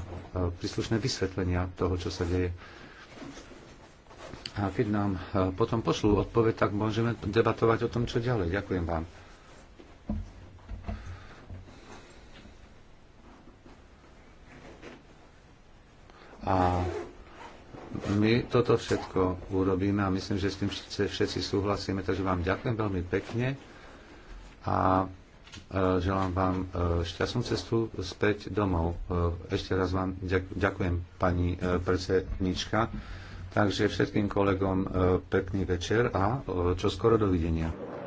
príslušné vysvetlenia toho, čo sa deje. A keď nám e, potom pošlú odpoveď, tak môžeme debatovať o tom, čo ďalej. Ďakujem vám. A my toto všetko urobíme a myslím, že s tým všetci súhlasíme, takže vám ďakujem veľmi pekne a e, želám vám e, šťastnú cestu späť domov. E, ešte raz vám ďakujem, pani predsednička. Takže všetkým kolegom pekný večer a čo skoro dovidenia.